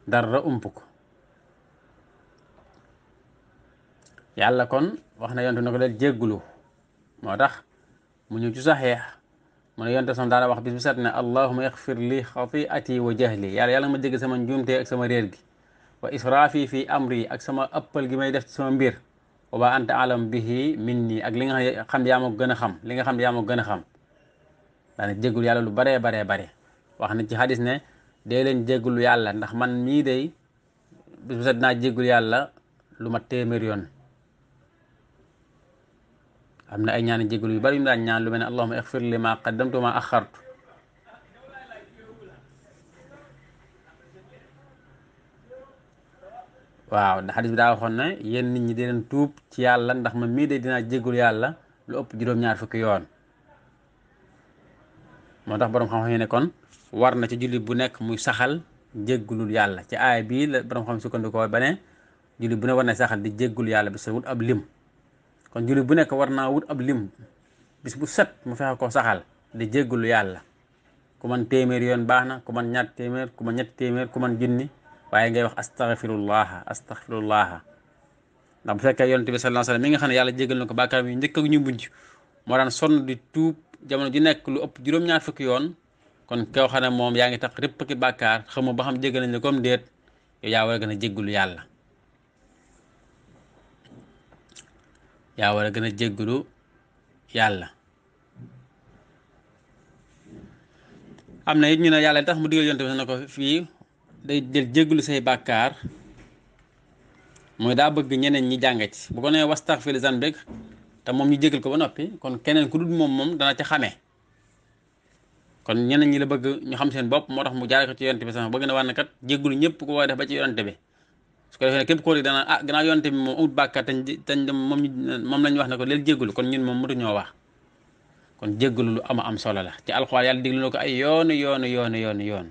dara ump ko yàlla kon wax na yontu na ko del jéggulu moo tax mu ñu ci saxeex mu ne yonte sam daana wax bis bu set ne allahuma ixfir li xatiati wa jahli yàlla yàlla ma jégg sama njuumte ak sama réer gi wa israafi fi amri ak sama ëppal gi may def ci sama mbir wa ba anta alam bihi min nii ak li nga xam yaa ma gën a xam li nga xam yaa ma gën a xam daana jéggulu yàlla lu baree baree bare wax na ci xadis ne dee leen jéggulu yàlla ndax man mii day bis bu naa jéggulu yàlla lu ma téeméer yoon am na ay ñaani jégalu yu bari yu daan ñaan lu mel ne allahuma ixfir li ma qaddamtu ma axartu waaw da bi daa waxoon ne yéen nit ñi di leen tuub ci yàlla ndax ma mii de dinaa jégalu yàlla lu ëpp juróom-ñaar fukki yoon moo tax boroom xam-xam yi ne war na ci jullit bu nekk muy saxal jéggulul yàlla ci aay bii la boroom xam sukkandikoo ba ne jullit bu ne war na saxal di jéggul yàlla bi sa wut ab lim kon jullit bu nekk war naa wut ab lim bis bu set mu fexe ko saxal di jéggulu yàlla ku man téeméer yoon baax na ku man ñaat téeméer ku man ñetti téeméer ku man junni waaye ngay wax astaghfirullaha astaghfirullaha ndax bu fekkee yonent bi sallallahu alayhi wasallam mi nga xam ne yàlla jégal na ko bàkkaaram yu njëkk ak ñu mujj moo daan sonn di tuub jamono ju nekk lu ëpp juróom-ñaar fukki yoon kon koo xam ne moom yaa ngi tax répp ki bàkkaar xamu ba xam jégal nañ la comme déet yow a gën a jéggulu yàlla yaa war a gën a jéggulu yàlla am na it ñu ne yàlla tax mu digal yonte bi ne ko fii day jël jéggulu say bàkkaar mooy daa bëgg ñeneen ñi jànge ci bu ko nee wastaxfir zanbek te moom ñu jégal ko ba noppi kon keneen ku dul moom moom dana ci xame kon ñeneen ñi la bëgg ñu xam seen bopp moo tax mu jaar ko ci yonte bi sax bëgg na war na kat jéggulu ñëpp ku ko def ba ci yonte bi su ko defee nag képp koo dégg yonte moom amut bàkkaar tañ tañ moom moom wax na ko leen jéggalu kon ñun moom mënuñoo wax kon jéggalu lu ama am solo la ci alxuraan yàlla diglu na ko ay yoonu yoonu yoonu yoonu yoonu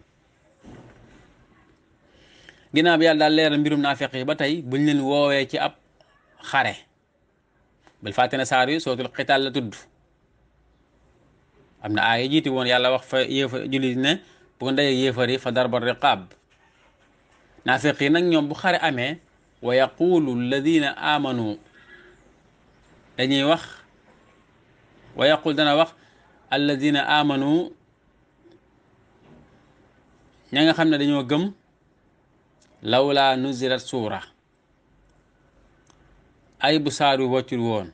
ginnaaw bi yàlla daal leeral mbirum naafeq yi ba tey buñ leen woowee ci ab xare bul fàtte ne saar yi sootul xitaal la tudd am na aaya jiiti woon yàlla wax fa yéefa jullit ne fa darba riqaab naafiq yi nag ñoom bu xare amee wa yaqulu alladina amanu dañuy wax wa dana wax alladina amanu ña nga xam ne dañoo gëm lawla nuzilat suura ay bu saar wi woon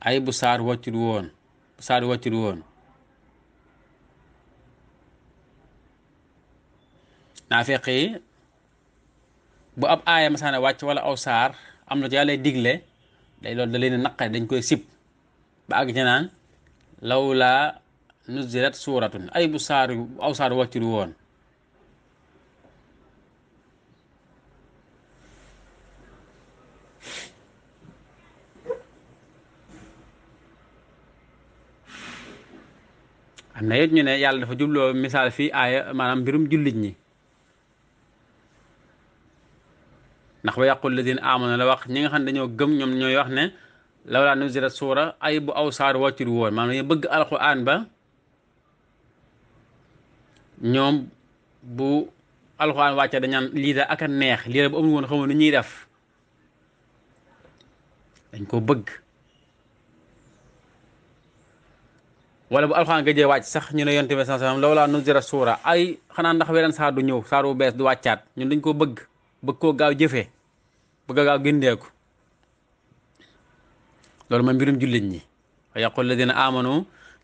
ay bu saar wàccul woon bu saar wàccul woon naafeq yi bu ab aaya masaana wàcc wala aw saar am na ci yàlla digle day loolu da leen a naqare dañ koy sip ba àgg ci naan lawla nuzilat suuratun ay bu saar aw saar wàccul woon am na it ñu ne yàlla dafa jubloo misaal fii aaya maanaam mbirum jullit ñi ndax ba wa yaqul ladina na la wax ñi nga xam ne dañoo gëm ñoom ñooy wax ne lawlaa nuzila suura ay bu aw saar wàccul woon maanaam dañu bëgg alquran ba ñoom bu alquran wàccee lii da neex lii da woon xamoo nu ñuy def dañ ko bëgg wala bu alxuraan gëjee wàcc sax ñu ne yonent bi sallallahu alayhi wasallam lawlaa nuzila suura ay xanaa ndax weneen saar du ñëw saar bu bees du wàccaat ñun dañ ko bëgg bëgg koo gaaw jëfe bëgg a gaaw gindeeku loolu ma mbirum jullit ñi wa yaqul ladina amanu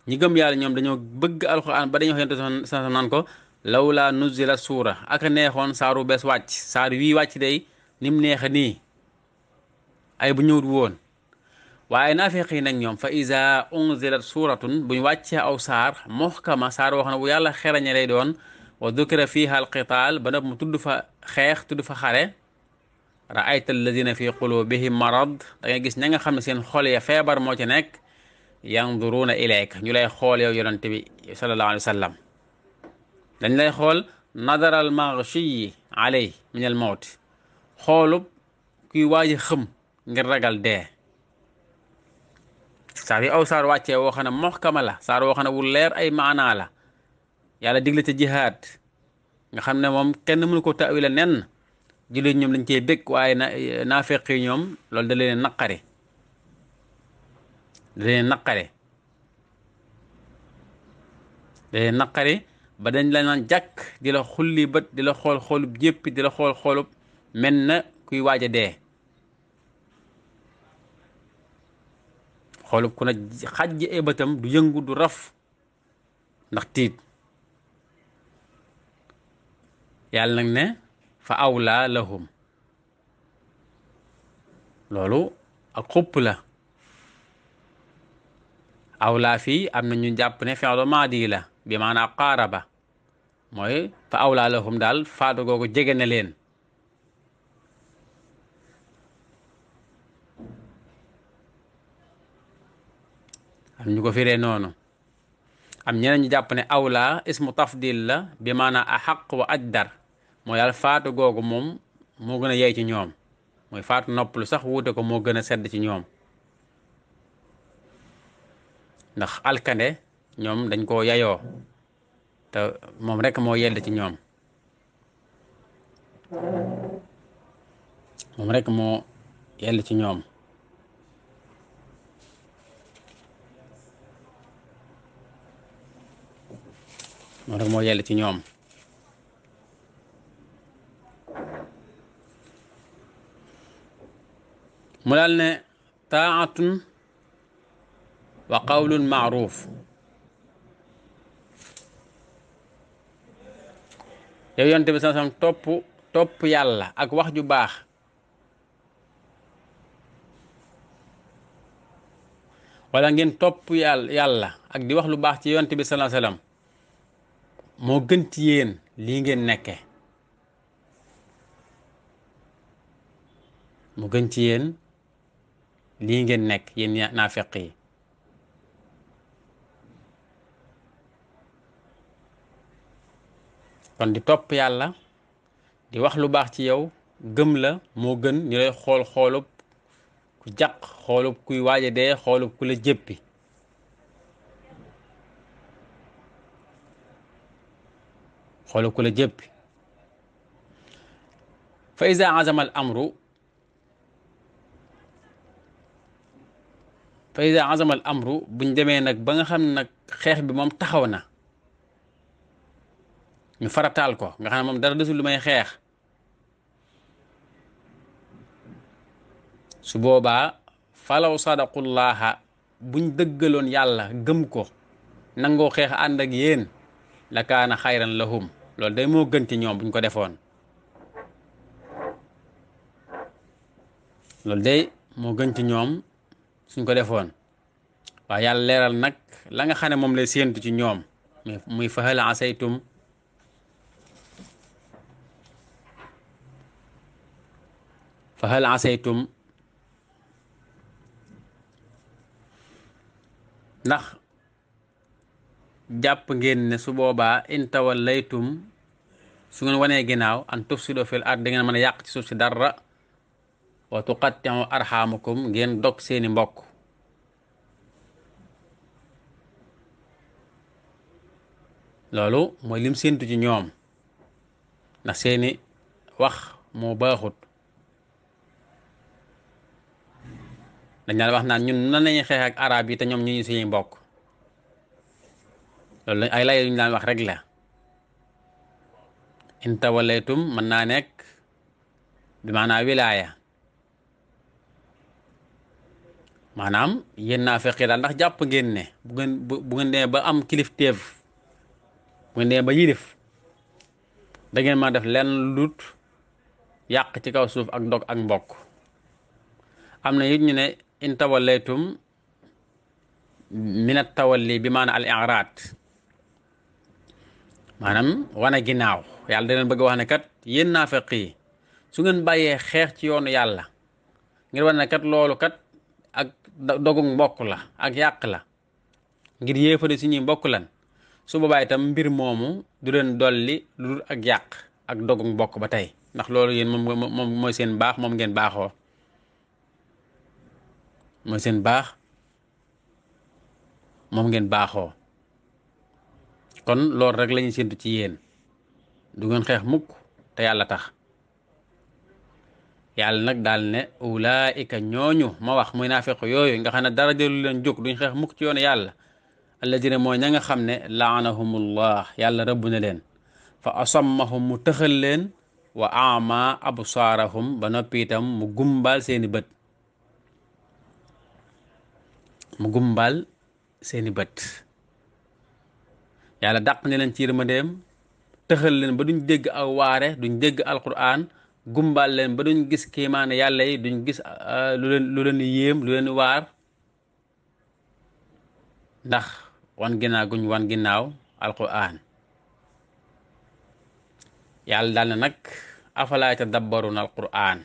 ñi gëm yàlla ñoom dañoo bëgg alquran ba dañoo wax yonte sa naan ko lawla nuzila suura ak a neexoon saaru bees wàcc saar wii wàcc day nim neexa nii ay bu ñëwut woon waaye naafeq yi nag ñoom fa iza unzilat suuratun buñ wàccee aw saar muhkama saar wax na bu yàlla xerañe lay doon wa dukira fiha alqitaal ba nag mu tudd fa xeex tudd fa xare raayta alladina fi qulubihim marad da ngay gis ña nga xam ne seen xol ya feebar moo ci nekk yanduruuna ilayka ñu lay xool yow yonente bi sallallahu alayhi wa sallam dañ lay xool nadara al maghshi alay min al mawt xoolub kuy waaji xëm ngir ragal dee saa fi aw saar wàccee woo xam ne moxkama la saar woo xam ne wu leer ay maanaa la yàlla digle ca jihaad nga xam ne moom kenn mënu ko tawila nen jullit ñoom dañ cee bëgg waaye na naafeq yi ñoom loolu da leen naqare da leen naqare ba dañ la naan jàkk di la xulli bët di la xool xoolub jéppi di la xool xoolub mel na kuy waaj a dee xoolub ku ne xaj ji ay bëtam du yëngu du raf ndax tiit yàlla nag ne fa awlaa lahum loolu ak xupp la awlaa fii am na ñu jàpp ne fi'lu maadi la bi maanaa qaaraba mooy fa awlaa lahum daal faatu googu jege na leen am ñu ko firee noonu am ñeneen ñu jàpp ne awlaa ismu tafdil la bi maanaa axaq wa ajdar mooy daal faatu googu moom moo gën a yey ci ñoom mooy faatu lu sax wuute ko moo gën a sedd ci ñoom ndax alkande ñoom dañ koo yayoo te moom rekk moo yell ci ñoom moom rek moo yell ci ñoom moom moo yell ci ñoom mu daal ne taatun wa qawlun maaruf yow yonte bi sama topp topp yàlla ak wax ju baax wala ngeen topp yàlla ak di wax lu baax ci yonte bi salaa salaam moo gën ci lii ngeen nekke moo gën ci yéen lii ngeen nekk yéen naafeq yi kon di topp yàlla di wax lu baax ci yow gëm la moo gën ñu lay xool xoolub ku jàq xoolub kuy waaja dee xoolub ku la jéppi xoolub ku la jéppi fa iza azama amru fa ida azamal amru buñ demee nag ba nga xam ne nag xeex bi moom taxaw na ñu farataal ko nga xam ne moom dara desul lu may xeex su boobaa falaw sadaqullaaha buñ dëggaloon yàlla gëm ko nangoo xeex ànd ak yéen la kaana xayran lahum loolu day moo gën ci buñ ko defoon loolu day moo gën ci ñoom suñ ko defoon waaw yàlla leeral nag la nga xam ne moom lay séentu ci ñoom muy fahal asaytum fahal ndax jàpp ngeen ne su boobaa in tawallaytum su ngeen wanee ginnaaw an tufsidu fil ard da ngeen mën a yàq ci suuf si dara wa tuqattiu arxaamukum ngeen dog seeni mbokk loolu mooy lim séentu ci ñoom ndax seeni wax moo baaxut dañ wax naan ñun nan lañuy xeex araab yi te ñoom ñu ñu suñuy mbokk loolu ay lay ñu daan wax rek la in tawallaytum mën naa nekk bi maanaa wilaaya maanaam yéen naa fekkee daal ndax jàpp ngeen ne bu ngeen bu ngeen ba am kilif teef bu ngeen ba yilif da ngeen ma def leen lut yàq ci kaw suuf ak ndog ak mbokk am na it ñu ne in tawallaytum min at tawalli bi maana al i'raad maanaam wane ginnaaw yàlla da leen bëgg wax ne kat yéen naa fekkee su ngeen bàyyee xeex ci yoonu yàlla ngir wane kat loolu kat ak dogug mbokk la ak yàq la ngir yéefare suñuy mbokk lan su boobaa itam mbir moomu du leen dolli lu dul ak yàq ak dogug mbokk ba tey ndax loolu yéen moom moom mooy seen baax moom ngeen baaxoo mooy seen baax moom ngeen baaxoo kon loolu rek lañuy séntu ci yéen du ngeen xeex mukk te yàlla tax yàlla nag daal ne ulaika ñooñu ma wax muy naafiq yooyu nga xam ne dara jëlu leen jóg duñ xeex mukk ci yoonu yàlla alladina mooy ña nga xam ne laanahumullah yàlla rëbb na leen fa asammahum mu tëxal leen wa ama absaarahum ba noppi itam mu gumbaal seeni bët seeni bët yàlla dàq ne leen ci yërmandeem tëxal leen ba duñ dégg aw duñ dégg alquran gumbaal leen ba duñ gis kiimaane yàlla yi duñ gis ah, lu leen lu yéem lu leen waar ndax wan ginnaaw guñ wan ginnaaw alquran yàlla daal na nag afalaa tadabbaruna alquran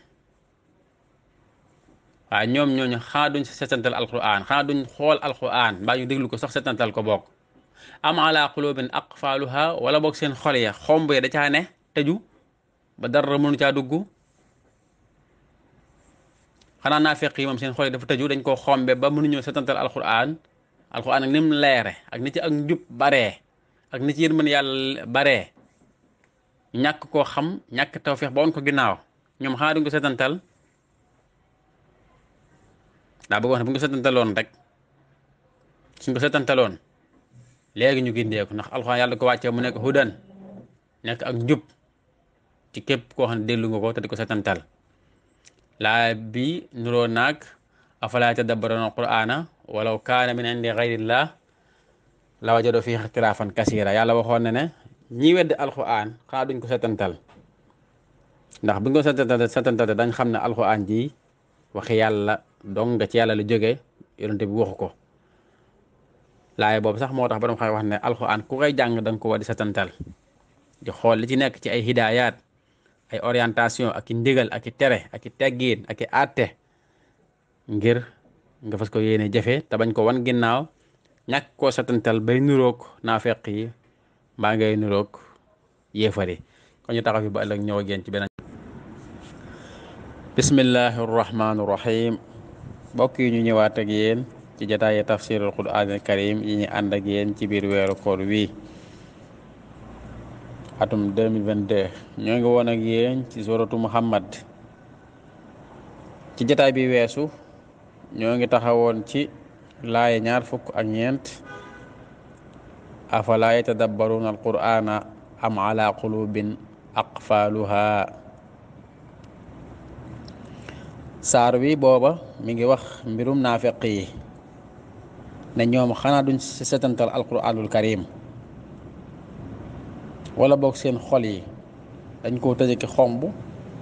waaye ñoom ñooñu xanaa duñ setantal alquran xanaa duñ xool alquran mbaa ñu déglu ko sax setantal ko bokk am ala qulubin aqfaaluha wala boog seen xol ya xomb ya da caa ba dara mënu caa dugg xanaa naafeq yi moom seen xol yi dafa tëju dañ koo xombe ba mënuñoo setantal alquran alquran ak ni mu leere ak ni ak njub baree ak nit ci yërmën yàlla bare ñàkk koo xam ñàkk tawfeex ba woon ko ginnaaw ñoom xanaa duñ ko setantal daa bëgg ne bu ñu ko setantaloon rek suñ ko setantaloon léegi ñu gindeeku ndax alxuraan yàlla ko wàccee mu nekk hudan nekk ak njub ci képp koo xam ne déglu nga ko te di ko setantal laa bi nuroo naag afalaa tadabbaruuna qur'aana walaw kaana min indi gayrillah la wajadu fii ixtilaafan kasiira yàlla waxoon na ne ñi wedd alquran xanaa duñ ko satantal ndax buñ ko setantal setantal dañ xam ne alquran ji waxi yàlla dong nga ci yàlla lu jóge yonente bi waxu ko laay boobu sax moo tax borom xam wax ne alquran ku koy jàng da nga ko war di setantal di xool li ci nekk ci ay hidaayat ay orientation ak i ndigal ak i tere ak i teggiin ak i àtte ngir nga ko yéene jafe te bañ ko wan ginnaaw ñàkk ko satantal bay nuroog naafeq yi mbaa ngay nuroog yéefari kon ñu taxaw fi ba ëllëg ñëw génn ci beneen bismillahi rahmaani rahim mbokk yi ñu ñëwaat ak yéen ci jataayi tafsirul qur'aanil karim yi ñu ànd ak ci biir weeru koor wii atum 2022 ñoo ngi woon a yéen ci suratu muhammad ci jataay bi weesu ñoo ngi taxawoon ci laaye ñaar fukk ak ñeent afala yatadabbaruuna alqur'ana am ala qulubin aqfaaluha saar wi booba mi ngi wax mbirum naafiq yi ne ñoom xanaa duñ si setantal alquraanul karim wala boog seen xol yi dañ koo tëje ki xomb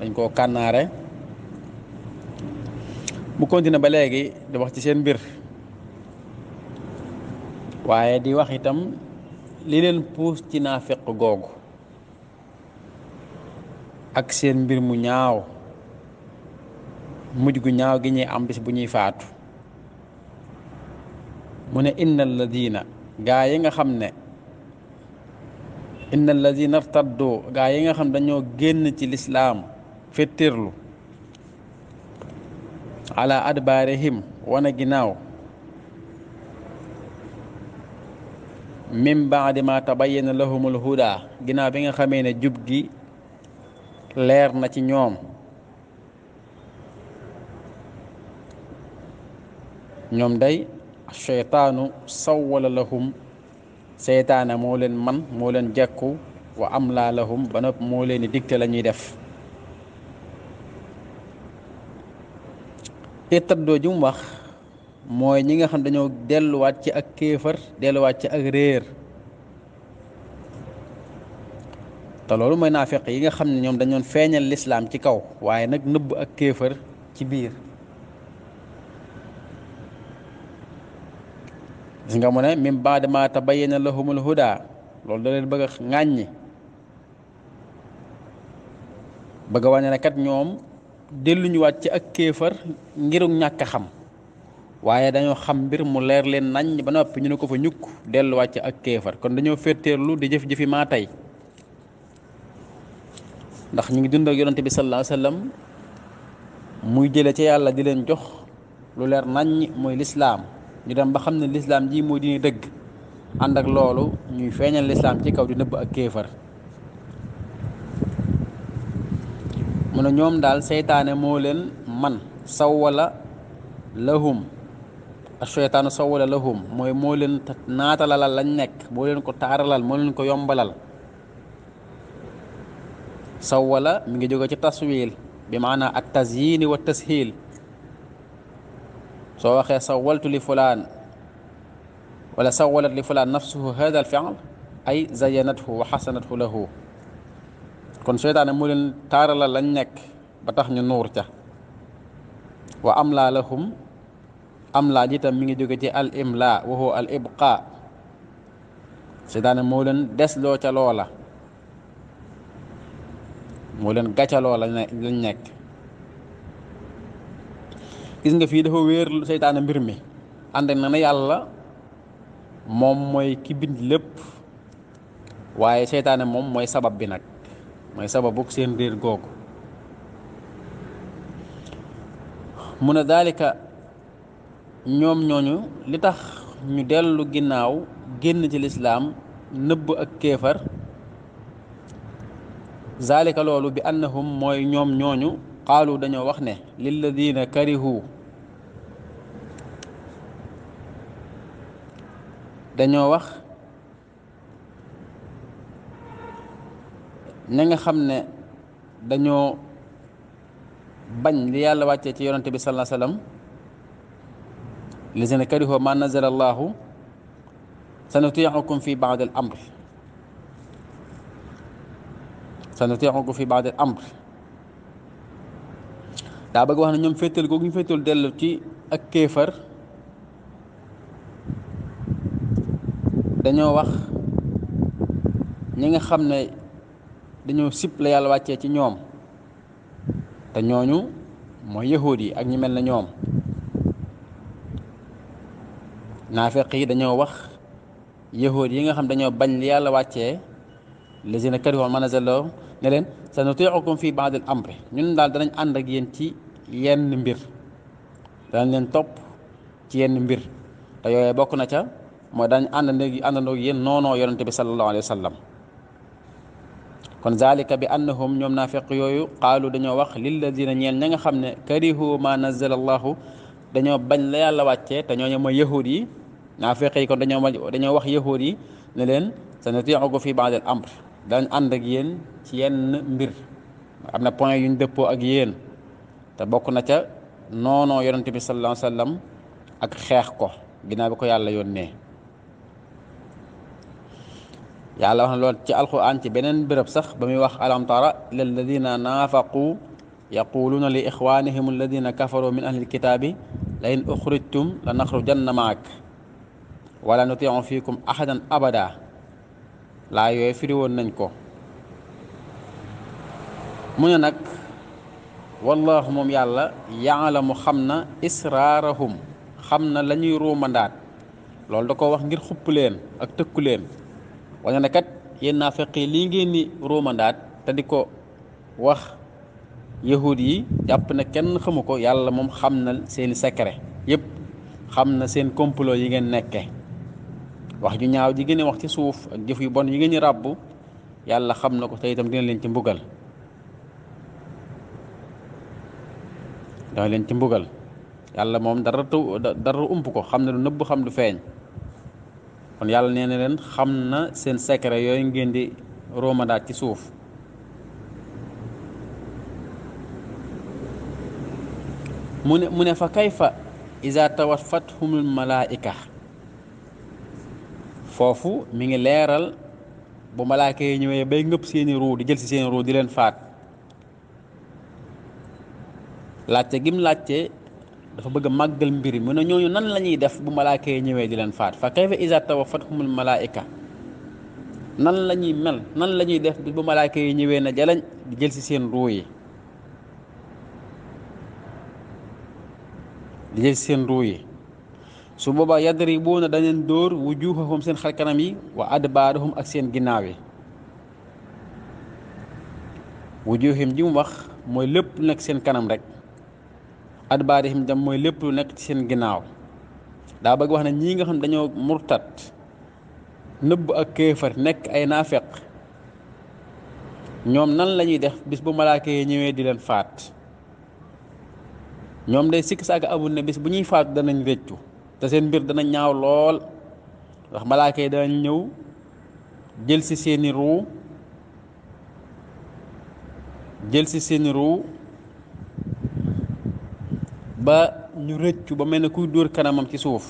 dañ koo kànnaare mu continué ba léegi di wax ci seen mbir waaye di wax itam li leen puus ci naafeq googu ak seen mbir mu ñaaw mujj gu ñaaw gi ñuy am bis bu ñuy faatu mu ne inna alladina gaa yi nga xam ne inna allazina irtaddoo gaa yi nga xam dañoo génn ci lislaam fettirlu ala adbaarihim wana ginnaaw min baadi ma tabayyana lahumul huda ginnaaw bi nga xamee ne jub gi leer na ci ñoom ñoom day cheytaanu sawwala lahum seytaane moo leen man moo leen jekku wa am laa lahum ba nopp moo leen di digte lañuy ñuy def irtaddoo ju mu wax mooy ñi nga xam dañoo delluwaat ci ak kéefër delluwaat ci ak réer te loolu mooy naafeq yi nga xam ne ñoom dañoo feeñal lislaam ci kaw waaye nag nëbb ak kéefër ci biir gis nga mu ne min baada ma tabayyana lahumul huda loolu da leen bëgg a ŋàññi bëgg a wane ne ñoom delluñu waat ak kéefar ngiru ñàkk xam waaye dañoo xam mbir mu leer leen nañ ba noppi ñu ne ko fa ñukk delluwaat ci ak kéefar kon dañoo féeteerlu di jëf-jëfi maa tey ndax ñu ngi dund ak yonante bi sallallahu alayhi wasallam muy jële ci yàlla di leen jox lu leer nañ mooy lislaam ñu dem ba xam ne lislaam ji moo dina dëgg ànd ak loolu ñuy feeñal lislaam ci kaw di nëbb ak kéefar mu ne ñoom daal seytaane moo leen man sawwala lahum aseytaanu sawwala lahum mooy moo leen naatalalal lañ nekk moo leen ko taaralal moo leen ko yombalal sawwala mu ngi jóge ci taswiil bi maanaa ak tasyiini wa tashiil soo waxee sawaltu li fulaan wala sawalat li fulaan nafsuhu hada al fi'l ay zayanathu wa xasanathu lahu kon seytaane mu leen taarala lañ nekk ba tax ñu nuur ca wa am laa lahum am laa ji tam mi ngi jóge ci al imla wa huwa al ibqa seytaane moo leen desloo ca loola moo leen gàccaloo la lañ nekk gis nga fii dafa wéer seytaane mbir mi ànd na ne yàlla moom mooy ki lépp waaye seytaane moom mooy sabab bi nag mooy sababu seen réer googu mu ne daalika ñoom ñooñu li tax ñu dellu ginnaaw génn ci lislaam nëbb ak kéefar zaalika loolu bi annahum mooy ñoom ñooñu qaalu dañoo wax ne lilladina karihu dañoo wax ña nga xam ne dañoo bañ li yàlla wàcce ci yonante bi sallallahu alayhi wasallam lilladina karihu ma nazala allahu sanutiicukum fi baad al amr sanutiicukum fi baad al daa bëgg wax ne ñoom féetal googu ñu féetal dellu ci ak kéefar dañoo wax ñi nga xam ne dañoo sip la yàlla wàccee ci ñoom te ñooñu mooy yahuud yi ak ñi mel na ñoom naafeq yi dañoo wax yahuud yi nga xam dañoo bañ li yàlla wàccee lazina karihu ma nazala ne leen sanutiicukum fi baadil amri ñun daal danañ ànd ak yéen ci yenn mbir danañ leen topp ci yenn mbir te yooyee bokk na ca mooy daañ ànd néegi àndandoo yéen noonoo yonente bi sallallahu alayhi wa sallam kon zalika bi annahum ñoom naafiq yooyu qaalu dañoo wax lilladina ñeen ña nga xam ne karihu ma nazala allahu dañoo bañ la yàlla wàccee ta ñooñu mooy yahud yi naafiq yi kon dañoo dañoo wax yahud yi ne leen sa nutii'ukum fi ba'dil amr daañ ànd ak yéen ci yenn mbir am na point yuñ dëppoo ak yéen te bokk na ca noonoo yonent bi sallallahu alayhi ak xeex ko ginnaaw bi ko yàlla yónnee yalla wax na lool ci alquran ci beneen béréb sax ba muy wax alam tara ila alladina naafaqu yaquluuna li ixwanihim alladina kafaru min ahli alkitaabi la in uxrijtum la naxrujanna maak wala nutiu fiikum ahadan abada laa yooyu firi nañ ko mu ne nag wallaahu moom yàlla mu xam na israarahum xam na la ñuy ruumandaat loolu da ko wax ngir xupp leen ak tëkku leen wane ne yenn naa naafeq yi lii ngeen ni ruumandaat te di ko wax yahud yi jàpp na kenn xamu ko yàlla moom xam na seeni secret yëpp xam na seen complot yi ngeen nekke wax ju ñaaw ji ngeen wax ci suuf ak jëf yu bon yi ngeen di ràbb yàlla xam na ko te itam dina leen ci mbugal danga leen ci mbugal yàlla moom dara tu dara ump ko xam ne lu nëbb xam du feeñ kon yàlla nee na leen xam na seen secret yooyu ngeen di romandaat ci suuf mu ne mu ne fa kayfa iza tawafathumul malaa'ika foofu mu ngi leeral bu malaaka yi ñëwee bay ngëpp seeni ruu di jël si seeni ruu di leen faat laajte gim laajte dafa bëgg màggal mbir mi ne ñooñu nan la ñuy def bu malaaka yi ñëwee di leen faat fa kayfa iza tawaffatuhumul malaa'ika nan la ñuy mel nan la ñuy def bu malaaka yi ñëwee na jalañ di jël si seen ruu yi di jël si seen ruu yi su boobaa yadribuuna daneen dóor wujuuhahum seen kanam yi wa adbaarahum ak seen ginnaaw yi wujuuhim ji mu wax mooy lépp nag seen kanam rek adbaarihim jam mooy lépp lu nekk ci seen ginnaaw daa bëgg wax na ñii nga xam dañoo murtat nëbb ak kéefar nekk ay naafeq ñoom nan la ñuy def bis bu malaaka ñëwee di leen faat ñoom day sikk saaka amul ne bis bu ñuy faatu danañ réccu te seen mbir dana ñaaw lool ndax malaaka yi ñëw jël si seeni ruu jël si seeni ruu ba ñu rëccu ba mel ne kuy dóor kanamam ci suuf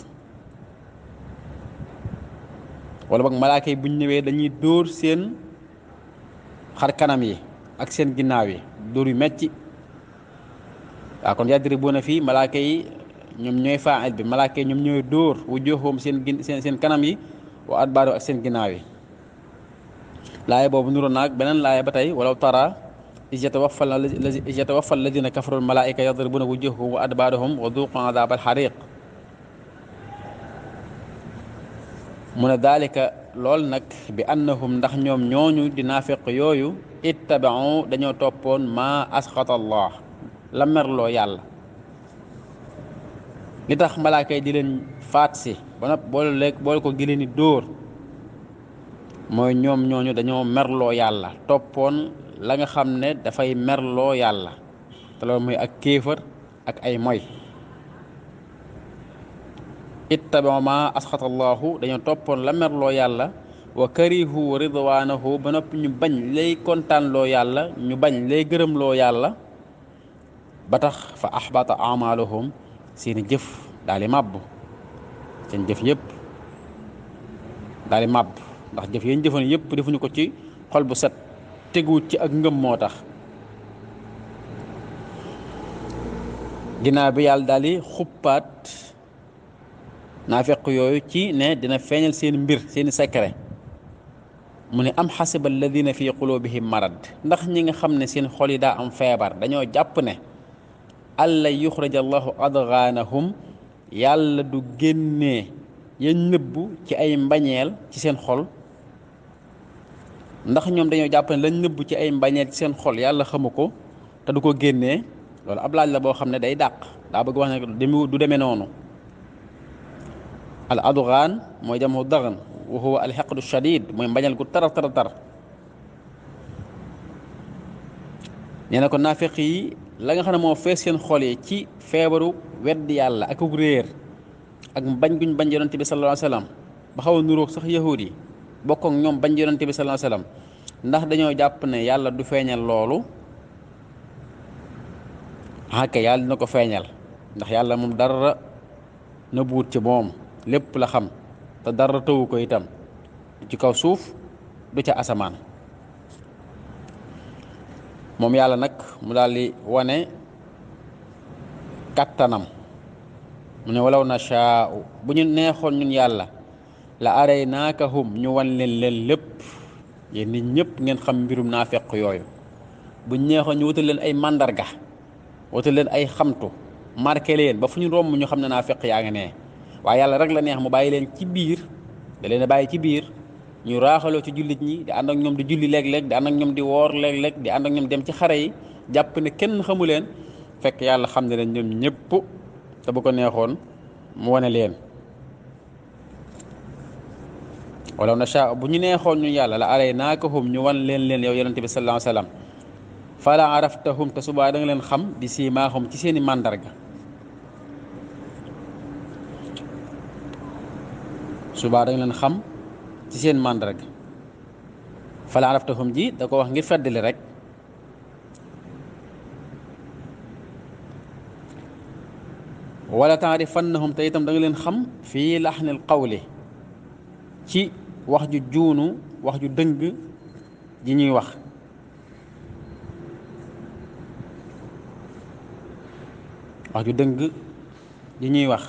wala boog malaaka yi bu ñëwee dañuy dóor seen xar kanam yi ak seen ginnaaw yi dóor yu metti waaw kon yadribuuna fii malaaka yi ñoom ñooy faa'il bi malaaka ñoom ñooy dóor wujuuhum seen gin seen seen kanam yi wa adbaaru ak seen ginnaaw yi laaya boobu nuroo naag beneen laaya ba tey walaw tara is yatawaffal is yatawaffa alladina kafaru almalaika yadribuna wujuhahum wa adbarahum wa duqu adab mu ne daalika lool nag bi annahum ndax ñoom ñooñu di naafiq yooyu ittabau dañoo toppoon ma asxata allah la merloo yàlla li tax malaaka yi di leen faat si ba nopp boole boole ko gileeni dóor mooy ñoom ñooñu dañoo merloo yàlla toppoon la nga xam ne dafay merloo yàlla te loolu mooy ak kéefër ak ay moy ittabao ma asxatallaahu dañoo toppoon la merloo yàlla wa karihu ridwaanahu ba noppi ñu bañ lay kontaanloo yàlla ñu bañ lay gërëmloo yàlla ba tax fa ahbata amaaluhum seeni jëf daal màbb seen jëf yëpp daal di ndax jëf yéen jëfoon yëpp defuñu ko ci xol bu set teguwut ci ak ngëm moo tax ginnaaw bi yàlla daal di xuppaat naafeq yooyu ci ne dina feeñal seen mbir seen secret mu ne am xasiba dina fi qulubihim marad ndax ñi nga xam ne seen xol yi daa am feebar dañoo jàpp ne alla yuxrija allahu adgaanahum yàlla du génne ya nëbbu ci ay mbañeel ci seen xol ndax ñoom dañoo jàpp ne lañ nëbb ci ay mbañeel ci seen xol yàlla xamu ko te du ko génnee loolu ab laaj la boo xam ne day dàq daa bëgg wax ne du demee noonu al adgaan mooy jamu dagan wa huwa al xaqdu shadid mooy mbañeel gu tara tara tar nee na ko naafiq yi la nga xam ne moo fees seen xol yi ci feebaru wedd yàlla ak réer ak mbañ guñ bañ yonent bi sallallahu alayhi ba xaw a nuróog sax yahuud yi bokk ñoom bañ yonante bi sallallahu alayhi wasallam ndax dañoo jàpp ne yàlla du feeñal loolu xàkke ah, yàlla dina ko feeñal ndax yàlla moom dara nëbbuwut ci moom lépp la xam te dara tëwu ko itam ci kaw suuf du ca asamaan moom yàlla nag mu daal di wane kattanam mu ne walaw na shaa'u bu ñu neexoon ñun yàlla la aray naakahum ñu wan leen leen lépp yéen nit ñëpp ngeen xam mbirum naa naafeq yooyu buñ neexoon ñu wutal leen ay màndarga wutal leen ay xamtu marke leen ba fu ñu romb ñu xam ne naa naafeq yaa ngi nee waaye yàlla rek la neex mu bàyyi leen ci biir da leen a bàyyi ci biir ñu raaxaloo ci jullit ñi di ànd ak ñoom di julli léeg-léeg di ànd ak ñoom di woor léeg lekk di ànd ak ñoom dem ci xare yi jàpp ne kenn xamu leen fekk yàlla xam ne ne ñoom ñëpp te bu neexoon mu wane leen wala nasha bu ñu neexoon ñu yàlla la alay naakahum ñu wan leen leen yow yonente bi sallallahu alayhi wa sallam fala te subaa da leen xam di simaaxum ci seeni màndarga suba da leen xam ci seen màndarga fala araftahum ji da ko wax ngir feddali rek walla wala taarifannahum te itam da leen xam fii laxnil qawli ci wax ju juunu wax ju dëng ji ñuy wax wax ju dëng ji ñuy wax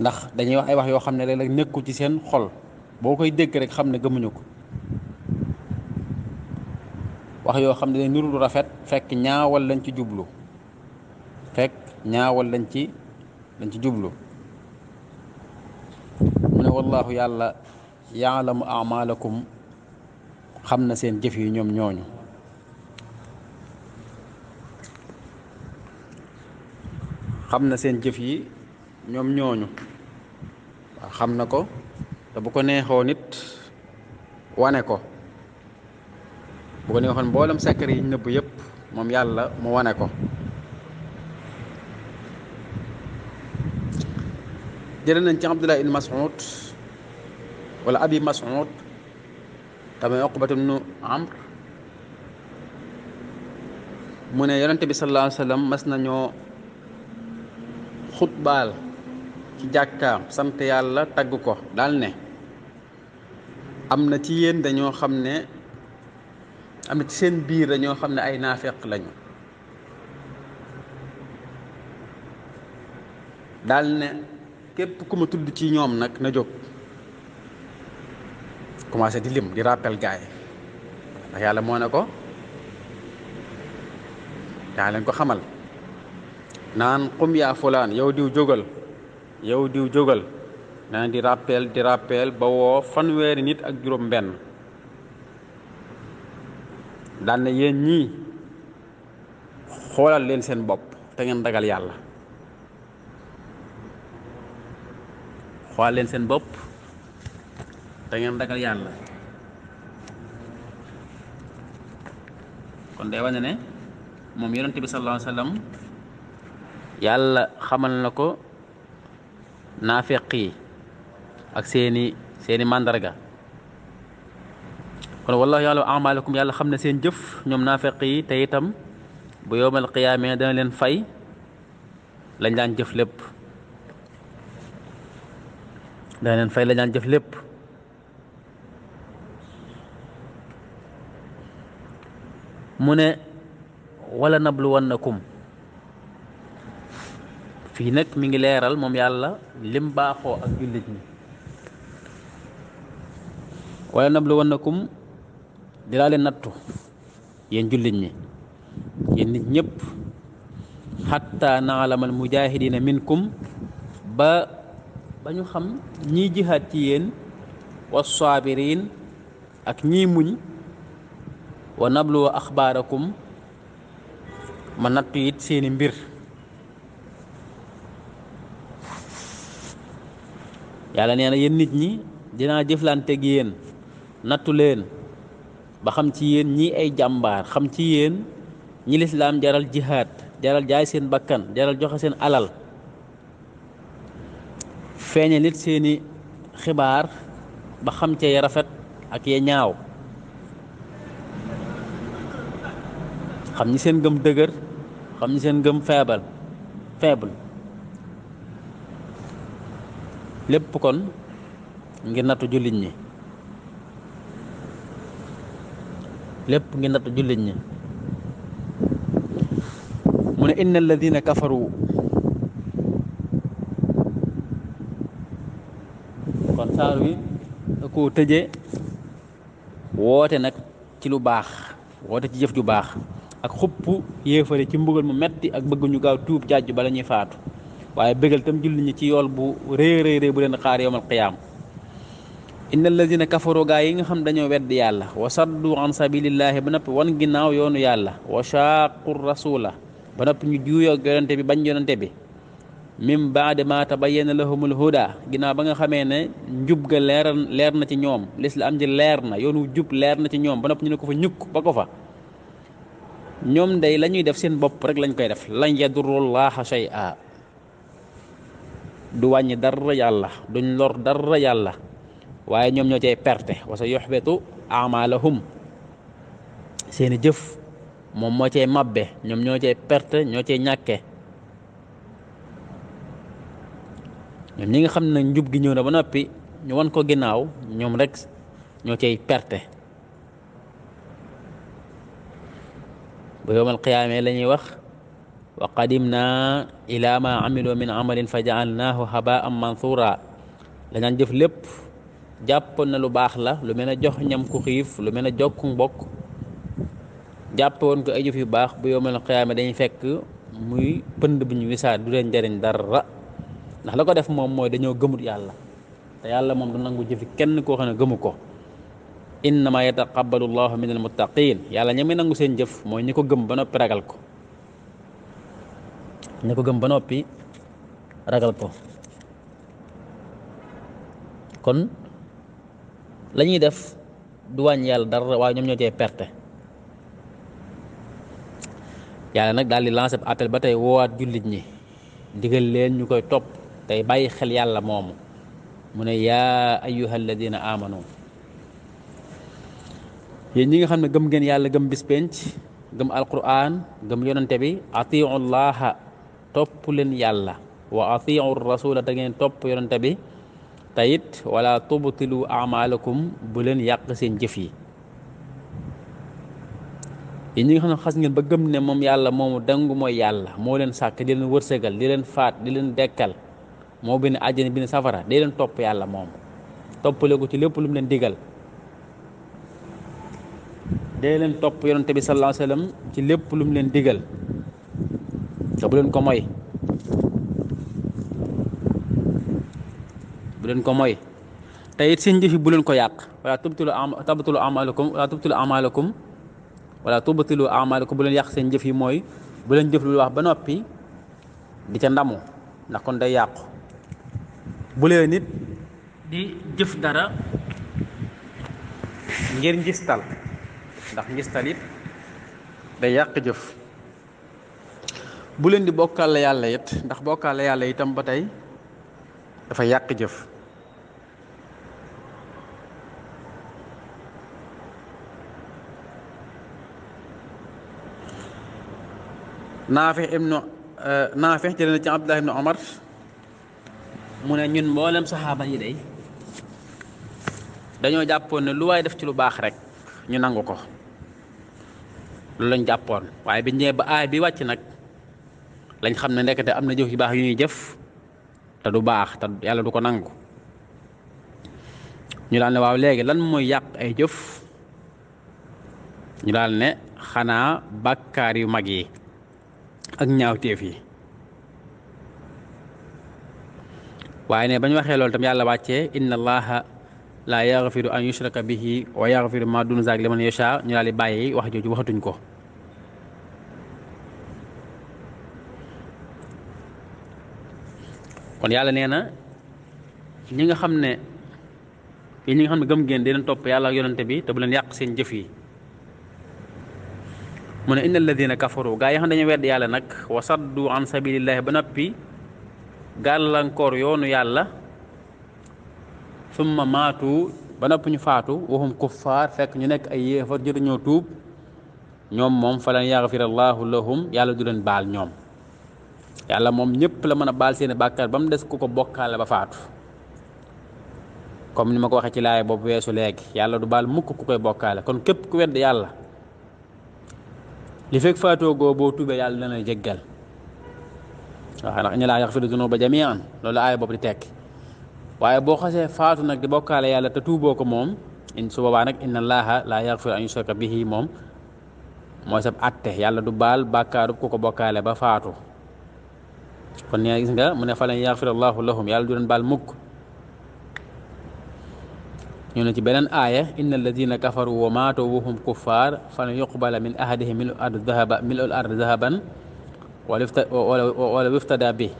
ndax dañuy wax ay wax yoo xam ne léeg-léeg nekkul ci seen xol boo koy dégg rek xam ne gëmuñu ko wax yoo xam ne dañ nuru lu rafet fekk ñaawal lañ ci jublu fekk ñaawal lañ ci lañ ci jublu mu ne wallaahu yàlla yaalamu amalakum xam na seen jëf yi ñoom ñooñu xam na seen jëf yi ñoom ñooñu xam na ko te bu ko neexoo nit wane ko bu ko neexoon mboolem secret yi nëbb yëpp moom yàlla mu wane ko jële nañ ci abdullah ibn mas'ud walla abi mas'ud tamit uqbata ibn amr mu ne yonente bi sallallahu alayhi mas nañoo xutbaal ci jàkkaam sant yàlla tagg ko dal ne am na ci yéen dañoo xam ne am na ci seen biir dañoo xam ne ay naafeq lañu daal ne képp ku ma tudd ci ñoom nag na jóg commencé di lim di rappel gaay ndax yàlla moo ne ko yaa leen ko xamal naan xum yaa fulaan yow diw jógal yow diw jógal naan di rappel di rappel ba woo fanweeri nit ak juróom benn daan na yéen ñii xoolal leen seen bopp te ngeen dagal yàlla xool leen seen bopp te ngeen ragal yàlla kon day wane ne moom yonent bi sallallahu alayhi yàlla xamal na ko naafeq yi ak seeni seeni màndarga kon wallahu yàlla amalakum yàlla xam ne seen jëf ñoom naafeq yi teyitam itam bu yowmal qiyaamee dana leen fay lañ daan jëf lépp daa leen fay la daan jëf lépp mu ne walla wala nablu wannakum fii nag mu ngi leeral moom yàlla lim baaxoo ak jullit ñi wala nablu wannakum dinaa leen nattu yéen jullit ñi yéen nit ñëpp xatta naalamal mujahidina minkum ba ba ñu xam ñiy jihaat ci yéen wa saabiriin ak ñiy muñ wa nabluwa axbaarakum ma nattu it seeni mbir yàlla nee na yéen nit ñi dinaa jëflante gi yéen nattu leen ba xam ci yéen ñii ay jàmbaar xam ci yéen ñi lislaam jaral jihaad jaral jaay seen bakkan jaral joxe seen alal feeñe seeni xibaar ba xam cee rafet ak ye ñaaw xam ñi seen gëm dëgër xam ñi seen gëm feebal faible lépp kon ngir nattu jullit ñi lépp ngir nattu jullit ñi mu ne inna alladina kafaru kon saar wi da koo tëjee woote nag ci lu baax woote ci jëf ju baax ak xupp yéefare ci mbugal mu metti ak bëgg ñu gaaw tuub jàjju bala ñuy faatu waaye bëggal tam julli ñi ci yool bu réy réy bu leen xaar yowmal qiyaam inna allazina kafaru yi nga xam dañoo weddi yàlla wa saddu an sabilillahi ba noppi wan ginnaaw yoonu yàlla wa shaaqu rasula ba noppi ñu juuyoo yonente bi bañ yonente bi min baade maata ba ma tabayyana lahumul huda ginnaaw ba nga xamee ne njub ga leer leer na ci ñoom lislaam ji leer na yoonu jub leer na ci ñoom ba nopp ñu ne ko fa ñukk ba ko fa ñoom day la ñuy def seen bopp rek lañ koy def lañ sey shay'a du wàññi dara yàlla duñ lor dara yàlla waaye ñoom ñoo cay perte wa sa yuhbitu amalahum seeni jëf moom moo cee mabbe ñoom ñoo cee perte ñoo cee ñàkke ñoom ñi nga xam ne njub gi ñëw na ba noppi ñu wan ko ginnaaw ñoom rek ñoo cay perte bu yowmal qiyaamee la ñuy wax wa na ila ma amilu min amalin fa jaalnaahu habaan manthura la ñaan jëf lépp jàpp na lu baax la lu mel ne jox ñam ku xiif lu mel ne jokku mbokk jàpp woon ko ay jëf yu baax bu yowmal qiyaamee dañuy fekk muy pënd bu ñu wisaa du leen jariñ dara ndax la ko def moom mooy dañoo gëmut yàlla te yàlla moom du nangu jëfi kenn koo xam ne gëmu ko innama yataqabbalu llahu min almuttaqin yàlla ña muy nangu seen jëf mooy ñi ko gëm ba noppi ragal ko ñi ko gëm ba noppi ragal ko kon la def du wàññi yàlla dara waaye ñoom ñoo cee perte yàlla nag daal di lancé ab appel ba tey woowaat jullit ñi digal leen ñu koy topp tey bàyyi xel yàlla moomu mu ne yaa ayyuha alladina amanu ñi nga xam ne gëm ngeen yàlla gëm bis penc gëm alquran gëm yonante bi atiu llaha topp leen yàlla wa atiu rasula te ngeen topp yonante bi te it wala tubtilu amalakum bu leen yàq seen jëf yi yéen ñi nga xam ne xas ngeen ba gëm ne moom yàlla moomu dangu mooy yàlla moo leen sàkk di leen wërsëgal di leen faat di leen dekkal moo bind àjjana bind safara day leen topp yàlla moom toppale ko ci lépp lu mu leen digal day leen topp yonent bi sallallahu alayhi ci lépp lum leen digal te bu leen ko moy bu leen ko moy te it seen jëf yi bu leen ko yàq wala tubtilu am tabtilu amalakum wala tubtilu amalakum wala tubtilu amalakum bu leen yàq seen jëf yi mooy bu leen jëf lu wax ba noppi di ca ndamu ndax kon day yàqu bu nit di jëf dara ngir njistal ndax njistal it yàq jëf bu leen di bokkale yàlla it ndax bokkale yàlla itam ba tey dafa yàq jëf naafi ibnu eh, naafi jëlee na ci abdullah ibnu omar mu ne ñun mboolem saxaaba yi day dañoo jàppoon ne lu waay def ci lu baax rek ñu nangu ko loolu lañ jàppoon waaye biñ ñëwee ba aay bi wàcc nag lañ xam ne ndekete am na jëf yu baax yu ñuy jëf te du baax te yàlla du ko nangu ñu daal ne waaw léegi lan mooy yàq ay jëf ñu daal ne xanaa bàkkaar yu mag yi ak ñaawteef yi waaye ne bañ waxee loolu tam yàlla wàccee inna allaha laa yaxfiru an yushraka bihi wa yaxfiru ma dun liman yasha ñu daal di bàyyi wax jooju waxatuñ ko kon yàlla nee na ñi nga xam ne yi ñi nga xam ne gëm ngeen di topp yàlla ak yonante bi te bu leen yàq seen jëf yi mu ne inna alladina kafaru gaa yi xam dañu wedd yàlla nag wa saddu an sabilillahi ba noppi gàllankoor yoonu yàlla summa maatu ba nopp ñu faatu waxum kuffaar fekk ñu nekk ay yéefar jëriñoo tuub ñoom moom falan yaxfir allahu lahum yàlla du leen baal ñoom yàlla moom ñëpp la mën a baal seeni bàkkaar ba mu des ku ko bokkaale ba faatu comme ni ma ko waxee ci laay boobu weesu léegi yàlla du baal mukk ku koy bokkaale kon képp ku wedd yàlla li fekk faatoo goo boo tuubee yàlla dana jéggal waaw ndax inna laa yaxfiru dunuuba jamiian loolu aaya boobu di tekki waaye boo xasee faatu nag di bokkaale yàlla te tuuboo ko moom in su boobaa nag inna allaaha laa yaxfiru an yushraka bihi moom mooy sab atte yàlla du baal bàkkaaru ku ko bokkaale ba faatu kon nee gis nga mu ne fa lan yaxfiru allaahu lahum yàlla du leen baal mukk ñu ne ci beneen aaya inna alladina kafaru wa maatu wa hum kuffaar falan yuqbala min ahadihim milu ard dahaba wala yuftada bi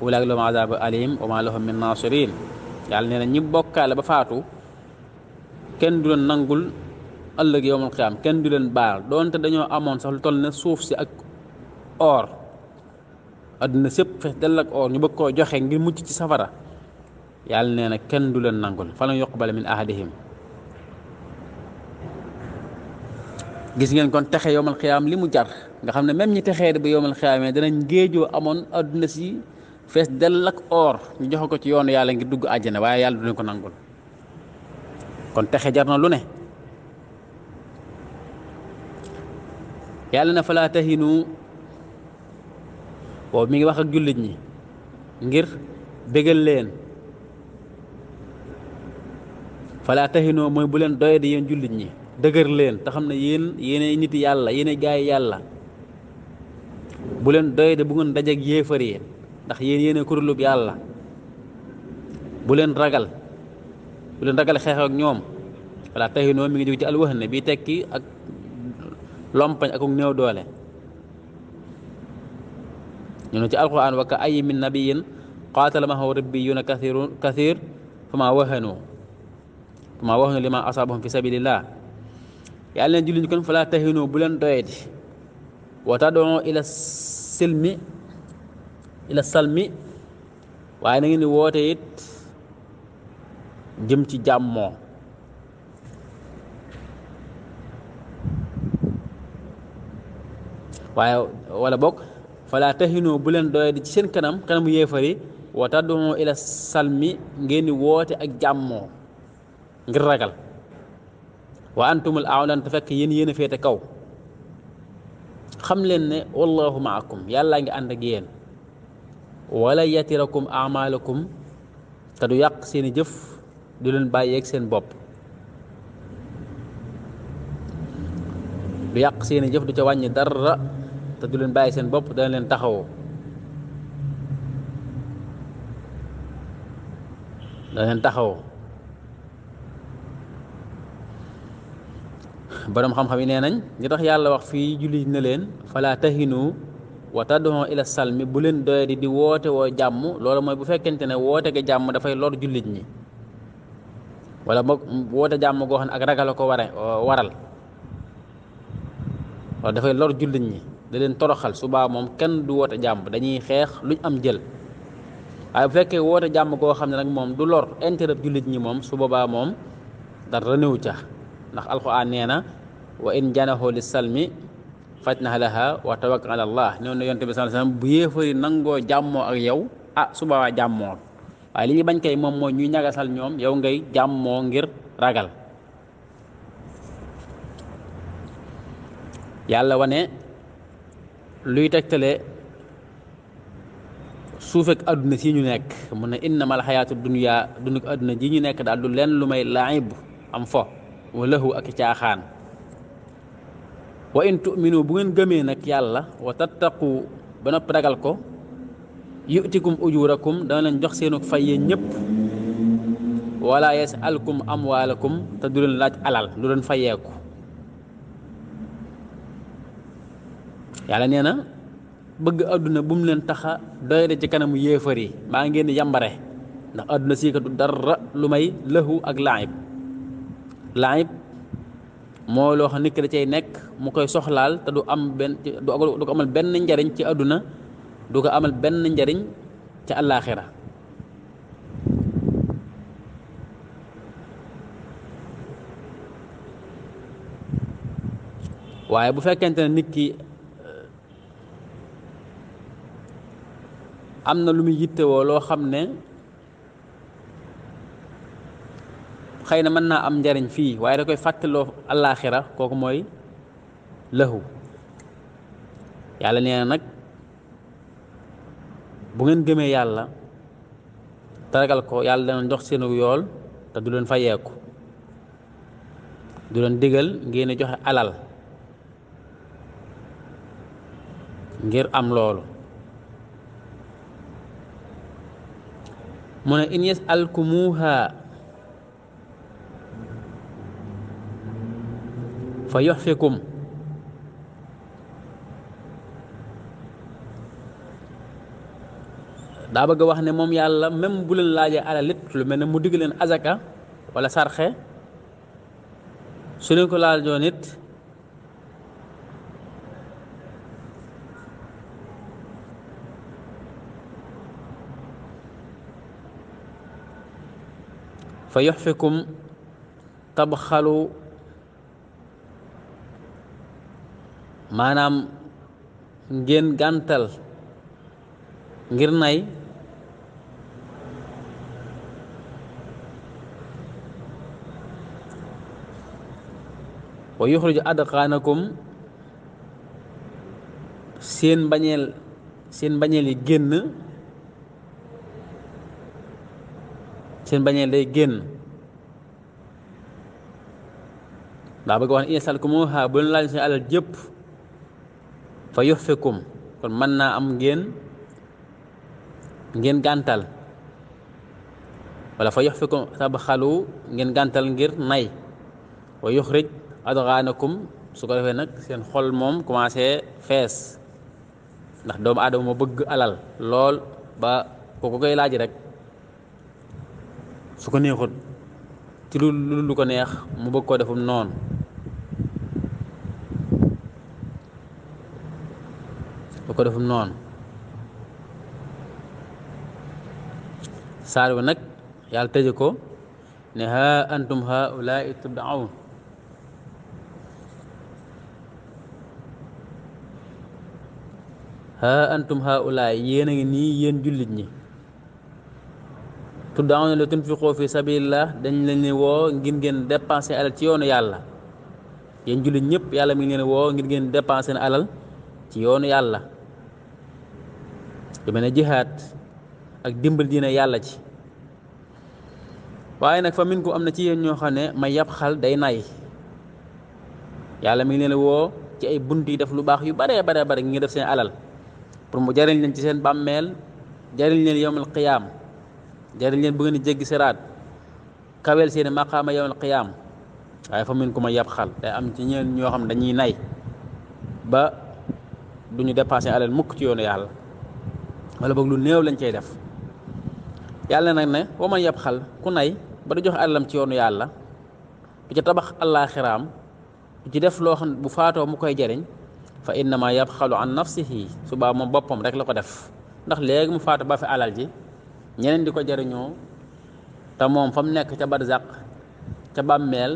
wulaag lahum azabu alim wa ma min nasirin yàlla nee na ñi bokkaale ba faatu kenn du leen nangul ëllëg yowmal xiyaam kenn du leen baal doonte dañoo amoon sax lu toll ne suuf si ak or àddina sépp fex dell ak or ñu bëgg koo joxe ngir mucc ci safara yàlla nee na kenn du leen nangul falan yuqbala min ahadihim gis ngeen kon texe yowmal xiyaam li mu jar nga xam ne même ñi texee bu yowmal xiyaamee danañ géejoo amoon àdduna si fees dell ak or ñu joxe ko ci yoonu yàlla ngir dugg àjjana waaye yàlla dunañ ko nangul kon texe jar na lu ne yàlla na falaa tahinu boobu mi ngi wax ak jullit ñi ngir bégal leen falaa tahinoo mooy bu leen doy di yéen jullit ñi dëgër leen te xam na yéen yéenay nit yàlla yéenay gaay yàlla bu leen doy de bu ngeen dajeeg yéefar yi ndax yéen yéen a yàlla bu leen ragal bu leen ragal xeex ak ñoom walla tahinoo mi ngi jóg ci alwahne bi tekki ak lompañ ak néew doole ñu ne ci alquran wa ka ay min nabiyin qaatala mahu rabbiyuuna kathiru kathir fama wahanu fama wahanu lima asaabahum fi sabilillah yàlla leen julliñ kon falaa laa tahinoo bu leen di wa tadoo ila silmi ila salmi waaye na ngeen woote it jëm ci jàmmoo waaye wala bokk fala tahinoo bu leen doye di ci seen kanam kanam yéefari wa tadoo ila salmi ngeen di woote ak jàmmoo ngir ragal wa antumul aawlan te fekk yéen yéen a féete kaw xam leen ne wallahu maakum yàllaa ngi ànd ak yéen wala yatirakum amalakum te du yàq seeni jëf du leen bàyyeeg seen bopp du yàq seeni jëf du ca wàññi dara te du leen bàyyi seen bopp dana leen taxawoo dana leen taxawoo borom xam-xam yi nee nañ ñu tax yàlla wax fii jullit na leen fala tahinu wa tad'u ila salmi bu leen doye di woote woo jàmm loolu mooy bu fekkente ne woote jàmm dafay lor jullit ñi wala boog woote jàmm goo xam ne ak ragal ko ware waral wala dafay lor jullit ñi da leen toroxal subaa moom kenn du woote jàmm dañuy xeex luñ am jël waaye bu fekkee woote jàmm goo xam ne nag moom du lor intérêt jullit ñi moom su boobaa moom dara néew ca ndax alxuraan nee na wa in janaxoo li salmi fajnah laha wa tawakkal ala allah noonu yonent bi sallallahu alayhi bu yéefari nangoo jàmmoo ak yow ah su boobaa jàmmoo waaye li ñu bañ kay moom mooy ñuy ñagasal ñoom yow ngay jàmmoo ngir ragal yàlla wane luy tegtale suufek àdduna si ñu nekk mu ne innamal xayaatu dunya dunuk àdduna ji ñu nekk daal du leen lu may laib am fo wa lahu ak caaxaan wa in tuminu bu ngeen gëmee nag yàlla wa tattaqu ba nopp ragal ko yutikum ujurakum dana leen jox seenu fay yéen ñëpp wala yasalkum amwaalakum te du leen laaj alal du leen yeeku yàlla nee na bëgg àdduna bu mu leen taxa doy ci kanamu yéefar yi maa ngeen yambare ndax àdduna sii ka du dara lu may lëhu ak laayib laayib mooy loo xam da cay nekk mu koy soxlaal te du am benn du amal benn njariñ ci àdduna du ko amal benn njariñ ci àllaaxira waaye bu fekkente ne nit ki am na lu muy yittewoo loo xam ne xëy na mën naa am njariñ fii waaye da koy fàttaloo allaaxira kooku mooy lëxu yàlla nee nag bu ngeen gëmee yàlla taragal ko yàlla dana jox seenu yool te du leen fayeeku du leen digal ngeen joxe alal ngir am loolu mu ne in yas'alkumuuha fa yuxfikum daa bëgg a wax ne moom yàlla même bu leen laajee alal lu mel ne mu digg leen azaka walla sarxe su leen ko laajoon it fa yuxfikum tabxalu maanaam ngeen gàntal ngir nay wa yuxriju adqaanakum seen mbañeel seen mbañeel yi génn seen mbañeel day génn daa bëgg wax ne in salkumuha bu leen laaj seen alal jëpp fa yuxfikum kon mën naa am ngeen ngeen gàntal wala fa yuxfikum tabxalu ngeen gàntal ngir nay wa yuxrij adxaanakum su ko defee nag seen xol moom commencé fees ndax doomu aadama ma bëgg alal lool ba kooku koy laaj rek su ko neexut ci lu lu ko neex mu bëgg koo defum noonu lu ko defum noonu saar bi nag yàlla tëje ko ne ha antum haulaai tuddaawun ha antum yéen a ngi nii yéen jullit ñi tuddaawun la tunfiqoo fi sabilillah dañ leen ne woo ngir ngeen dépensé alal ci yoonu yàlla yéen jullit ñëpp yàlla mi ngi leen woo ngir ngeen dépensé alal ci yoonu yàlla lu mel ne jihaad ak dimbal diina yàlla ci waaye nag fa min ku am na ci yéen ñoo xam ne ma yàpp xal day nay yàlla mi ngi leen woo ci ay bunt yi def lu baax yu baree bare bare ngi def seen alal pour mu jariñ leen ci seen bàmmeel jariñ leen yowmal qiyaam jariñ leen bu ngeen jéggi siraat kaweel seeni maqaama yowmal qiyaam waaye fa min ku ma yab xal day am ci ñeen ñoo xam ne dañuy nay ba duñu dépassé alal mukk ci yoonu yàlla wala boog lu néew lañ cay def yàlla nag ne wa man yab xal ku nay ba du joxe alalam ci yoonu yàlla du ci tabax allaaxiraam du ci def loo xam bu faatoo mu koy jariñ fa innama yab xalu an nafsihi su baa moom boppam rek la ko def ndax léegi mu faatu ba fi alal ji ñeneen di ko jariñoo te moom fa mu nekk ca barzaq ca bàmmeel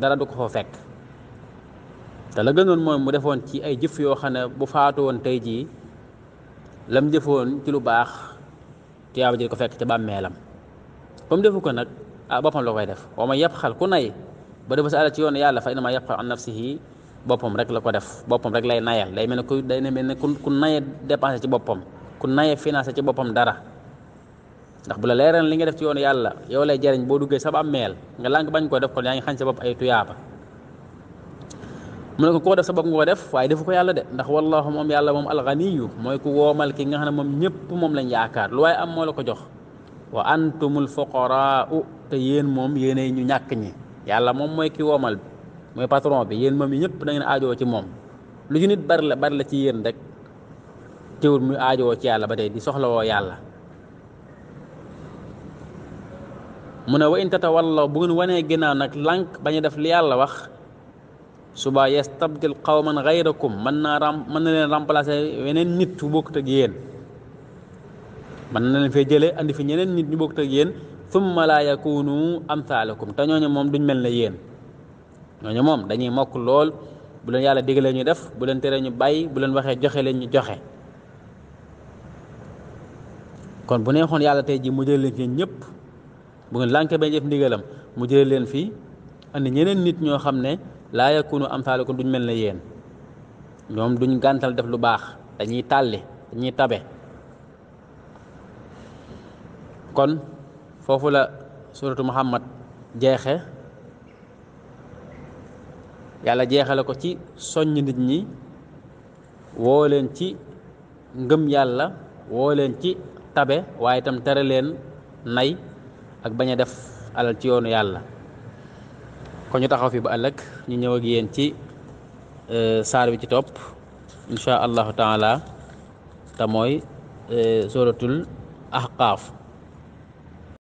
dara du ko fa fekk te la gënoon mooy mu defoon ci ay jëf yoo xam ne bu faatu woon tey jii lam jëfoon ci lu baax tuyaaba ji ko fekk ci bàmmeelam ba mu defu ko nag ah boppam la koy def wa ma yàpp xal ku nay ba defa sa àll ci yoon yàlla fa na yàpp xal an nafsihi boppam rek la ko def boppam rek lay nayal day mel ne ku day mel ne ku naye dépensé ci boppam ku naye financé ci boppam dara ndax bu la leeral li nga def ci yoon yàlla yow lay jariñ boo duggee sa bàmmeel nga lànk bañ koo def kon yaa ngi xañ sa bopp ay tuyaaba mu ne ko koo def sa bopp nga ko def waaye defu ko yàlla de ndax wallahu moom yàlla moom alganiyu mooy ku woomal ki nga xam ne moom ñëpp moom lañ yaakaar lu waaye am moo la ko jox wa antumul fuqaraau te yéen moom yéenay ñu ñàkk ñi yàlla moom mooy ki woomal bi mooy patron bi yéen moom yi ñëpp da ngeen aajoo ci moom lu ñu nit bari la bari la ci yéen rek teewul muy aajoo ci yàlla ba tey di soxlawoo yàlla mu ne wa in tatawallaw bu ngeen wanee ginnaaw nag lànk bañu def li wax subaa yastabdil qawman xayrakum mën naa ram mën na leen remplacer weneen nit bu bokkut ak yéen mën na leen fee jëlee andi fi ñeneen nit ñu bokkut ak yéen thumma nu yakunu amthaalakum te ñooñu moom duñ mel ne yéen ñooñu moom dañuy mokk lool bu leen yàlla digalee ñu def bu leen teree ñu bay bu leen waxee joxe leen ñu joxe kon bu neexoon yàlla tey ji mu jëlee leen fii ñëpp bu ngeen mu jëlee leen fii andi ñeneen nit ñoo xam ne laa yakunu amsaalukum duñ mel ne yéen ñoom duñ gàntal def lu baax dañuy tàlli dañuy tabe kon foofu la suratu muhammad jeexe yàlla jeexale ko ci soññ nit ñi woo leen ci ngëm yàlla woo leen ci tabe waaye itam tere leen nay ak bañ a def alal ci yoonu yàlla kon ñu taxaw fi ba ëllëg ñu ñëw ak yéen ci euh, saar bi ci topp incha allahu taala te mooy euh, suratul ahqaaf